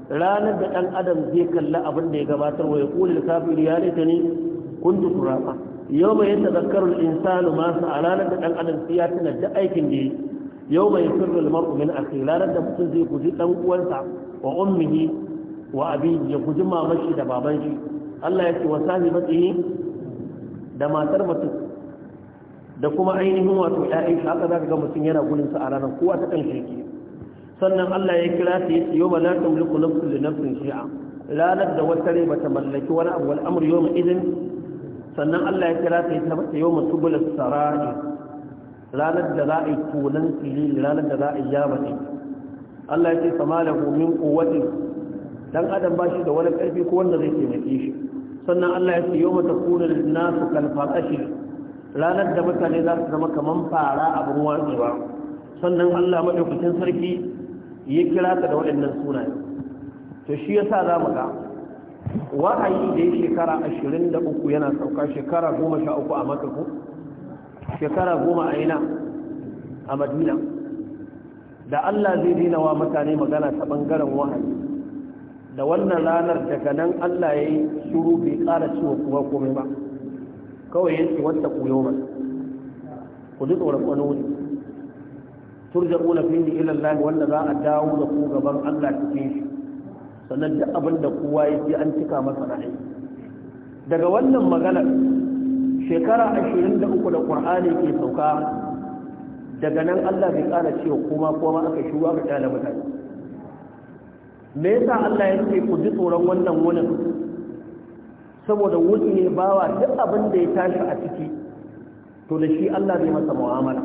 ranar da ɗan adam zai kalla abin da ya gabatar wa ya ƙuli da kafin ya laita ne kuntu turaba yau mai yadda zakarun insanu masu a ranar da ɗan adam sai ya tuna da aikin da ya yau mai sirri lamar umin akhi ranar da mutum zai guji ɗan uwansa wa ummihi wa abi ya guji mamashi da baban Allah ya ce wa sahibi da matar mutum da kuma ainihin wato ƴaƴan shi za ka ga mutum yana gurin sa a ranar kowa ta kan shirki sannan Allah ya kira ta yace yawma la tamliku nafsun li nafsin shay'a ranar da wata rai ba ta mallaki wani abu wal amru yawma idin sannan Allah ya kira ta yace yawma tubul sarari. ranar da za a yi tunan fili, ranar da za a yi yamata Allah ya ce sama lahu min quwwatin dan adam ba shi da wani karfi ko wanda zai taimake shi sannan Allah ya ce yawma takunu lin nasu kalfa farashi ranar da mutane za su zama kamar fara abin watsewa sannan allah maɗaukacin sarki ya kira ta da waɗannan sunaye to shi ya sa za mu ga wahayi da ya shekara ashirin da uku yana sauka shekara goma sha uku a makaku shekara goma a yana a madina da allah zai dina wa mutane magana ta ɓangaren wahayi da wannan ranar daga nan allah ya yi shuru bai ƙara ciwo kuma komai ba kawai yake wata kuyoman ku ji tsoron wani wuri turja'una fihi ila wanda za a dawo da ku gaban Allah cikin shi sannan duk abin da kowa ya ce an cika masa ra'ayi daga wannan magana shekara ashirin da uku da Qur'ani ke sauka daga nan Allah bai ƙara cewa kuma kuma aka shuwa ga ɗalibin mutane me yasa Allah ya ce ku ji tsoron wannan wunin saboda wuce ne bawa duk abin da ya tashi a ciki to da shi Allah zai masa mu'amala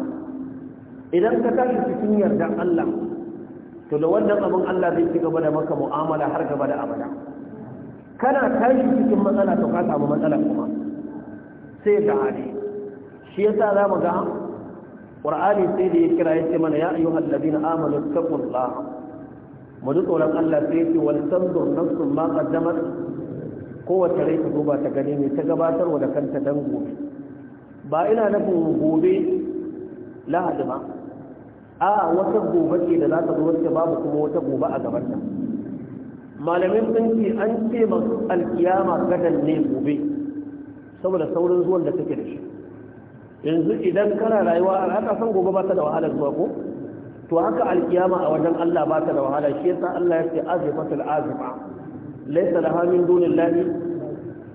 idan ka tashi cikin yardan Allah to da wannan abin Allah zai ci gaba da maka mu'amala har gaba da abada kana tashi cikin matsala to ka samu matsala kuma sai ga hali shi yasa za mu ga qur'ani sai da ya kira yace mana ya ayyuhal ladina amanu taqullaha mu ji tsoron Allah sai ya ce wal tanzur nafsun ma qaddamat kowace rai ta duba ta gani mai ta gabatarwa da kanta don gobe ba ina nufin gobe lahadi ba a wata gobe ce da za ta zo wacce babu kuma wata gobe a gabanta. malamin tsinci an ce masu alkiyama gadan ne gobe saboda saurin zuwan da take da shi yanzu idan kana rayuwa a haka san gobe ba ta da wahalar zuwa ko to haka alkiyama a wajen Allah ba ta da wahala shi yasa Allah ya ce azifatul azifa laisa da hamin dunin lahi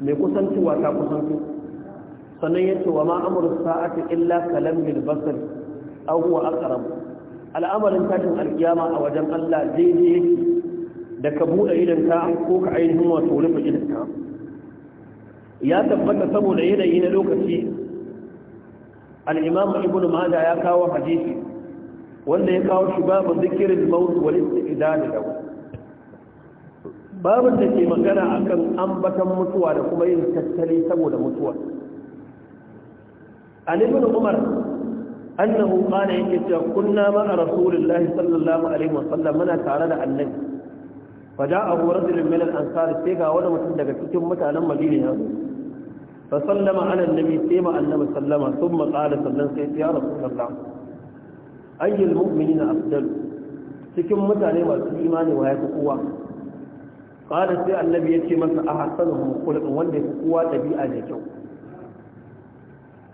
mai kusantuwa ta kusantu sannan ya ce wa ma'amur sa'ati illa kalamin basir abuwa akaram al'amarin tashin alkiyama a wajen allah daidai da ka buɗe idanka ko ka ainihin wato rufe idanka ya tabbata saboda yanayi na lokaci al'imam ibn mada ya kawo hadisi wanda ya kawo shi babu zikirin mawut wani da dawo babin da ke magana akan ambatan mutuwa da kuma yin tattali saboda mutuwa an ibn umar annahu qala yake cewa kunna ma rasulullahi sallallahu alaihi wasallam muna tare da annabi fada'ahu rajulun min al-ansar sai ga wani mutum daga cikin mutanen madina ya fa sallama ala annabi sai ma annabi sallama thumma qala sallan sai ya rasulullah ayyul mu'minina afdal cikin mutane masu imani wa yafi kowa kada sai annabi yace masa ahsanuhum khulqan wanda ya kowa dabi'a da kyau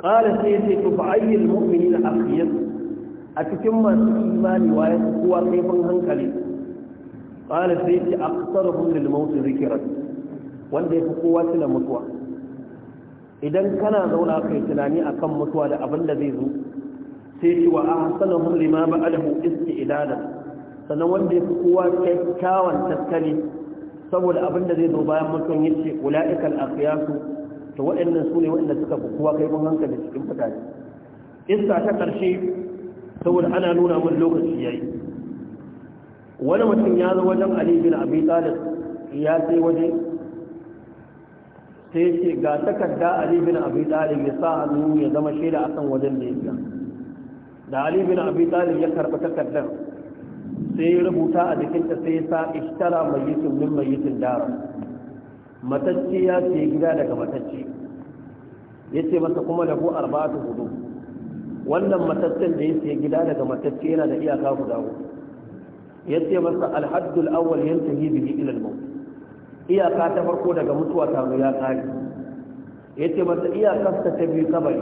kada sai yace to fa ayyul mu'minina akhyat a cikin masu imani waye kowa kaifin hankali kada sai yace aqtaruhum lil maut zikran wanda ya kowa tuna mutuwa idan kana zauna kai tunani akan mutuwa da abin da zai zo sai ce wa ma ba'adahu iske isti'dada sannan wanda ya kowa kyakkyawan tattali saboda abin da zai zo bayan mutum ya ce ula'ikal aqiyasu to waɗannan su ne waɗanda suka fi kuwa kai mun hankali cikin mutane iska ta ƙarshe saboda ana nuna mun lokaci ya yi, wani mutum ya zo wajen Ali bin Abi Talib ya sai waje sai ce ga takarda Ali bin Abi Talib ya sa hannu ya zama shaida a kan wajen da ya biya. da Ali bin Abi Talib ya karɓi takardar sai ya rubuta a jikinta sai ya sa ishtara mayyitin min mayyitin dara matacce ya ce gida daga matacce ya ce masa kuma da ko arba'atu hudu wannan mataccen da ya ce gida daga matacce yana da iyaka guda hudu ya ce masa alhaddul awwal yantahi bihi ila al-maut iyaka ta farko daga mutuwa ta zo ya kare ya ce masa iyakar ta biyu kabari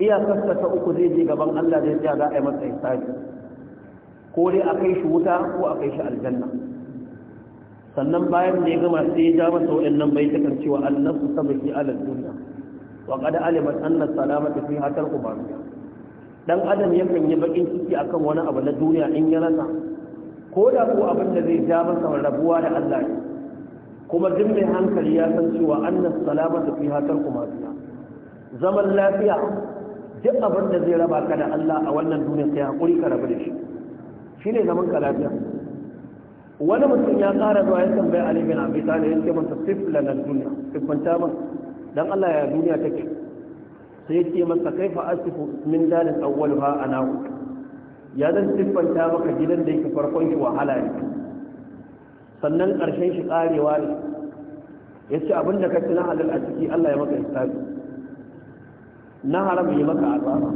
iyakar ta uku zai je gaban Allah zai tsaya za a yi masa hisabi ko dai a kai shi wuta ko a kai shi aljanna sannan bayan da ya gama sai ya ja masa waɗannan bai takan cewa annasu sabaki ala duniya wa qad alimat anna salamata fi hatar ubaniya dan adam yakan yi bakin ciki akan wani abu na duniya in ya rasa ko da ko abin da zai ja masa rabuwa da Allah ne kuma duk mai hankali ya san cewa annas salamatu fi hatar kuma zaman lafiya duk abin da zai raba ka da Allah a wannan duniya sai hakuri ka rabu da shi shi ne zaman ka lafiya wani mutum ya ƙara zuwa ya tambaya Ali bin Abi Talib yake masa sifla na duniya siffanta man Don Allah ya duniya ta take sai yake masa kaifa asifu min dalil a ana ya zan siffanta maka gidan da yake farkon shi wahala ne sannan ƙarshen shi ƙarewa ne ya ce abin da ka ci na halal a ciki Allah ya maka hisabi na haram yi maka azaba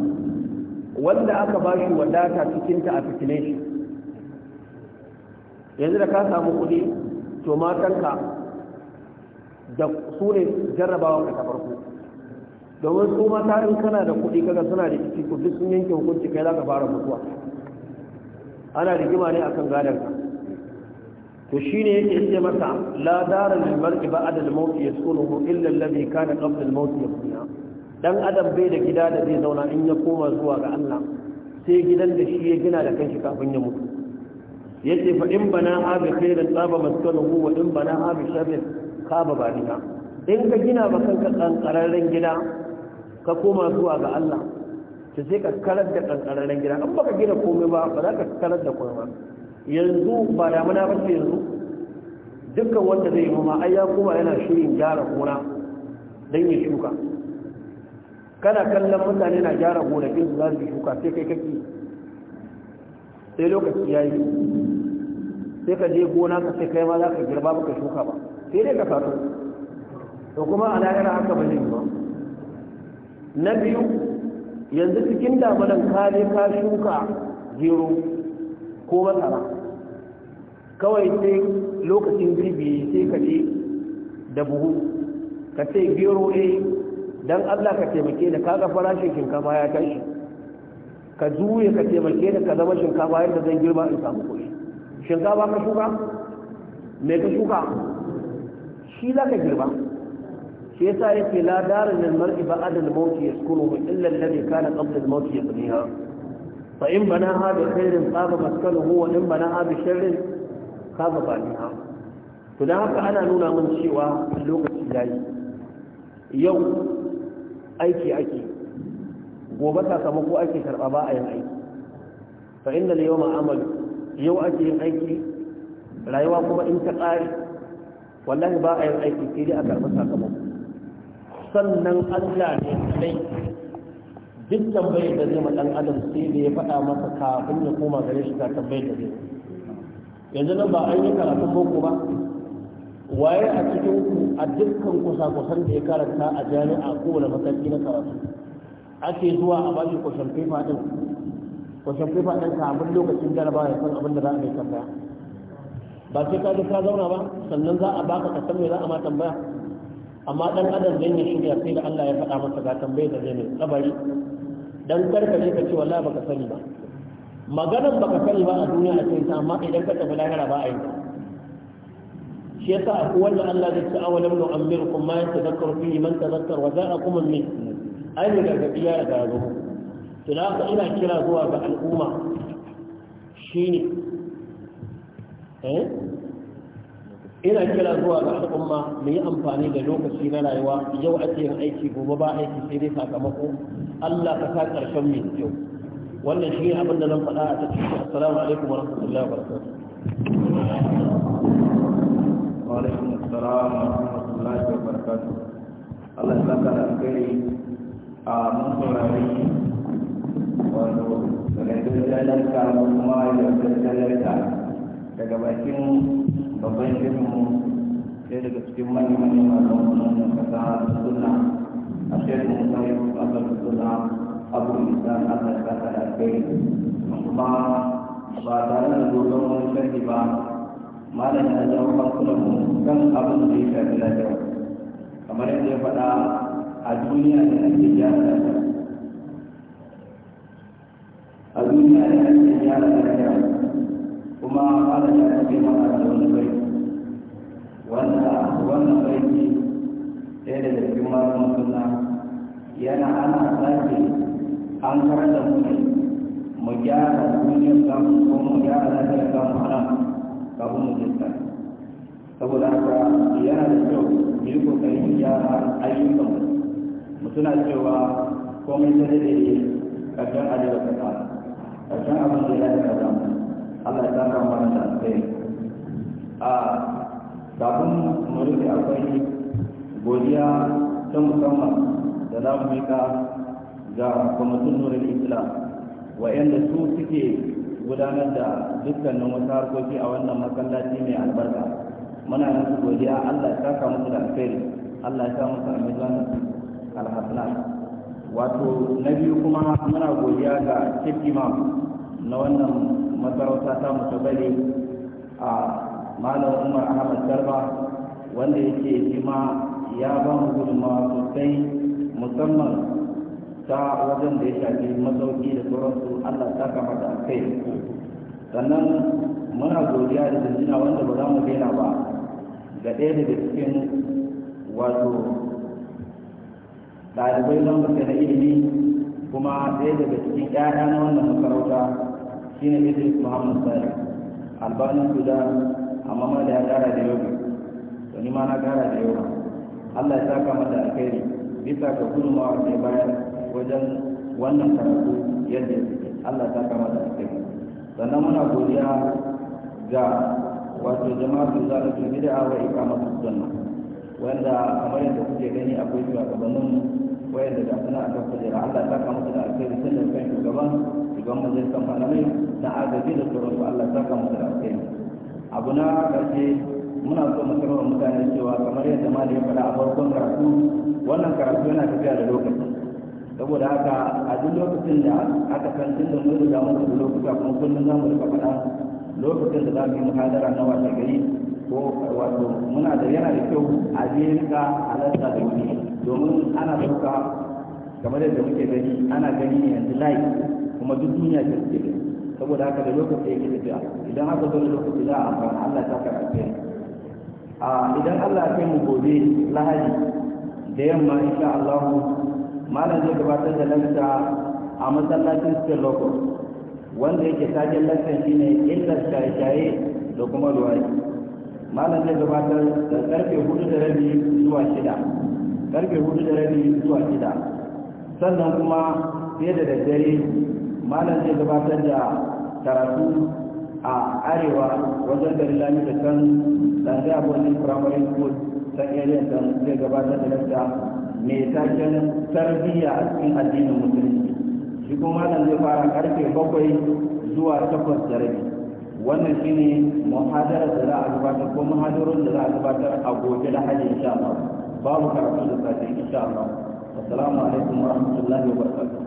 wanda aka ba shi wadata cikinta a fitine shi yanzu da ka samu kuɗi to matanka da su ne jarrabawa ka ta farko domin su mata in kana da kuɗi kaga suna da ciki ku sun yanke hukunci kai za ka fara mutuwa ana rigima ne akan gadon ka to shine yake ce masa la dara lil mar'i ba'da al maut yaskunuhu illa alladhi kana qabla al ya yaskunuhu dan adam bai da gida da zai zauna in ya koma zuwa ga Allah sai gidan da shi ya gina da kanshi kafin ya mutu yace fa in bana ha bi khairin tsaba maskanuhu wa in bana ha bi sharrin kaba barika in ka gina ba kanka ƙanƙararren gida ka koma zuwa ga Allah ta sai ka karar da ƙanƙararren gida in baka gina komai ba ba za ka karar da komai yanzu ba damuna ba ce yanzu dukkan wanda zai yi ma ai ya koma yana shirin gyara gona don ya shuka kana kallon mutane na gyara gonakin su za su shuka sai kai kake sai lokaci ya yi sai ka je gona ka sai kai ma za ka girba baka shuka ba sai dai ka fato to kuma a lahira haka ba zai ba na biyu yanzu cikin damunan ka je ka shuka gero ko masara kawai sai lokacin girbi sai ka je da buhu ka ce gero eh don Allah ka taimake da kaga farashin shinkafa ya tashi ka juye ka ce taimake da ka zama shinkafa yadda zai girma in samu kuɗi shinkafa ka shuka me ka shuka shi za ka girma shi yasa yake la darin lil mar'i ba'da al maut yaskunu illa alladhi kana qabla al maut yabniha fa in banaha bi khairin tsaba maskanuhu wa in banaha bi sharrin khaba baniha to dan haka ana nuna mun cewa lokaci yayi yau aiki ake gobe sakamako ake karba ba a yin aiki fa inda da yawan yau ake yin aiki rayuwa kuma in ta ƙare wallahi ba a yin aiki sai dai a karba sakamako sannan allah ne kadai duk tambayar da zai ma ɗan adam sai da ya faɗa masa kafin ya koma gare shi ta tambayar da zai yanzu nan ba an yi karatu boko ba waye a cikin ku a dukkan kusa-kusan da ya karanta a jami'a ko wani mataki na karatu ake zuwa a bashi kwashen fifa ɗin kwashen fefa ɗin abin lokacin jaraba ya san abin da za a mai tambaya ba sai ka ji ka zauna ba sannan za a baka kasan mai za a ma tambaya amma dan adam zai ya shirya sai da Allah ya faɗa masa ga tambayar da zai mai tsabari dan karka ne ka ce wallahi baka sani ba maganar baka sani ba a duniya a cikin amma idan ka tafi lahira ba a yi shi yasa akwai wanda Allah zai ci awalan nu'ammirkum ma yatadhakkaru fihi man tadhakkar wa za'akum min ai ne gargaɗi ya riga ya da haka ina kira zuwa ga al'umma shine eh ina kira zuwa ga al'umma mu yi amfani da lokaci na rayuwa yau ake yin aiki gobe ba aiki sai dai sakamako Allah ka sa ƙarshen mai kyau wannan shi ne abinda da zan faɗa a cikin assalamu alaikum wa rahmatullahi wa barakatuh wa alaikum assalam wa rahmatullahi wa barakatuh Allah ya saka da alkhairi a mun saurari wato sanadun talarta mu kuma yardar talarta daga bakin babban shirinmu sai daga cikin manyan manyan masu kasa suna a shirin musayar kasar suna abu isan allah kasa da kai kuma ba tare da dogon wani sharhi ba malam ya jawo hankulanmu kan abin da ya shafi lafiya kamar yadda ya faɗa a duniya da ake gyara a duniya da ake gyara lafiya kuma ana ya kafe mana da wani bai wanda wannan bai ɗaya daga cikin malamin suna yana ana sake an karar da mu ne mu gyara duniyar samu ko mu gyara lafiyar samu a nan kafin mu jinta saboda haka yana da kyau mu yi kokarin gyara ayyukan mu suna cewa komai ta dade ƙarshen ajiyar ƙasa. ƙarshen abin da ya yi kaza Allah ya saka mana da alkhairi a kafin mu da akwai godiya ta musamman da za mu mika ga kwamitin nurin islam wa'yanda su suke gudanar da dukkanin wasu harkoki a wannan masallaci mai albarka muna musu godiya Allah ya saka musu da alkhairi Allah ya sa musu a mizanin alhassanan wato na biyu kuma muna godiya ga chief na wannan masarauta ta musabari a malam umar ahmad garba wanda yake jima ya ba mu gudunmawa sosai musamman ta wajen da ya shafi masauki da sauransu allah ta kama da kai sannan muna godiya da jinjina wanda ba za mu daina ba ga ɗaya daga cikin wato ɗalibai don suka na ilimi kuma ɗaya daga cikin ƴaƴa na wannan makarauta shine idris muhammad sari albanin sudan amma ma da ya ƙara da yau to ni ma na ƙara da yau allah ya saka mata alkhairi bisa ga gudunmawa da ya bayar wajen wannan karatu yadda allah ya saka mata alkhairi sannan muna godiya ga wato jama'atu za su bid'a wa iqamatu sunnah wanda kamar yadda kuke gani akwai shugabannin wayar da a kan kujera Allah ta kama da alkhairi tun da kan shugaban shugaban majalisar malamai na agaji da tsoron su Allah ta kama da alkhairi abu na karshe muna so mu sanar mutane cewa kamar yadda da ya faɗa a farkon karatu wannan karatu yana tafiya da lokaci saboda haka a duk lokacin da aka san tun da mun riga mun lokuta kuma kullum za mu rika faɗa lokacin da za mu yi muhadara na washe gari ko wato muna da yana da kyau a rinka halarta da wuri domin ana ɗauka kamar yadda muke gani ana gani ne yanzu live kuma duk duniya ta suke gani saboda haka da lokaci yake tafiya idan aka zo da lokaci za a amfani Allah ta karɓe a idan Allah ya mu gobe lahadi da yamma insha Allah malam zai gabatar da lanta a masallacin Sir Lagos wanda yake taken lantar shine illa shaye-shaye da kuma luwari malam zai gabatar da karfe hudu da rabi zuwa shida karfe hudu da rabi zuwa shida sannan kuma fiye da daddare malam zai gabatar da karatu a arewa wajen garin da kan ɗanzai abuwanin primary school ta area da zai gabatar da lakta mai taken tarbiyya a cikin addinin musulunci shi kuma malam zai fara karfe bakwai zuwa takwas da rabi wannan shine muhadarar da za a gabatar ko muhadarun da za a gabatar a gobe da hajji insha Allah babu karatu da safe insha Allah assalamu alaikum wa rahmatullahi wa barakatuh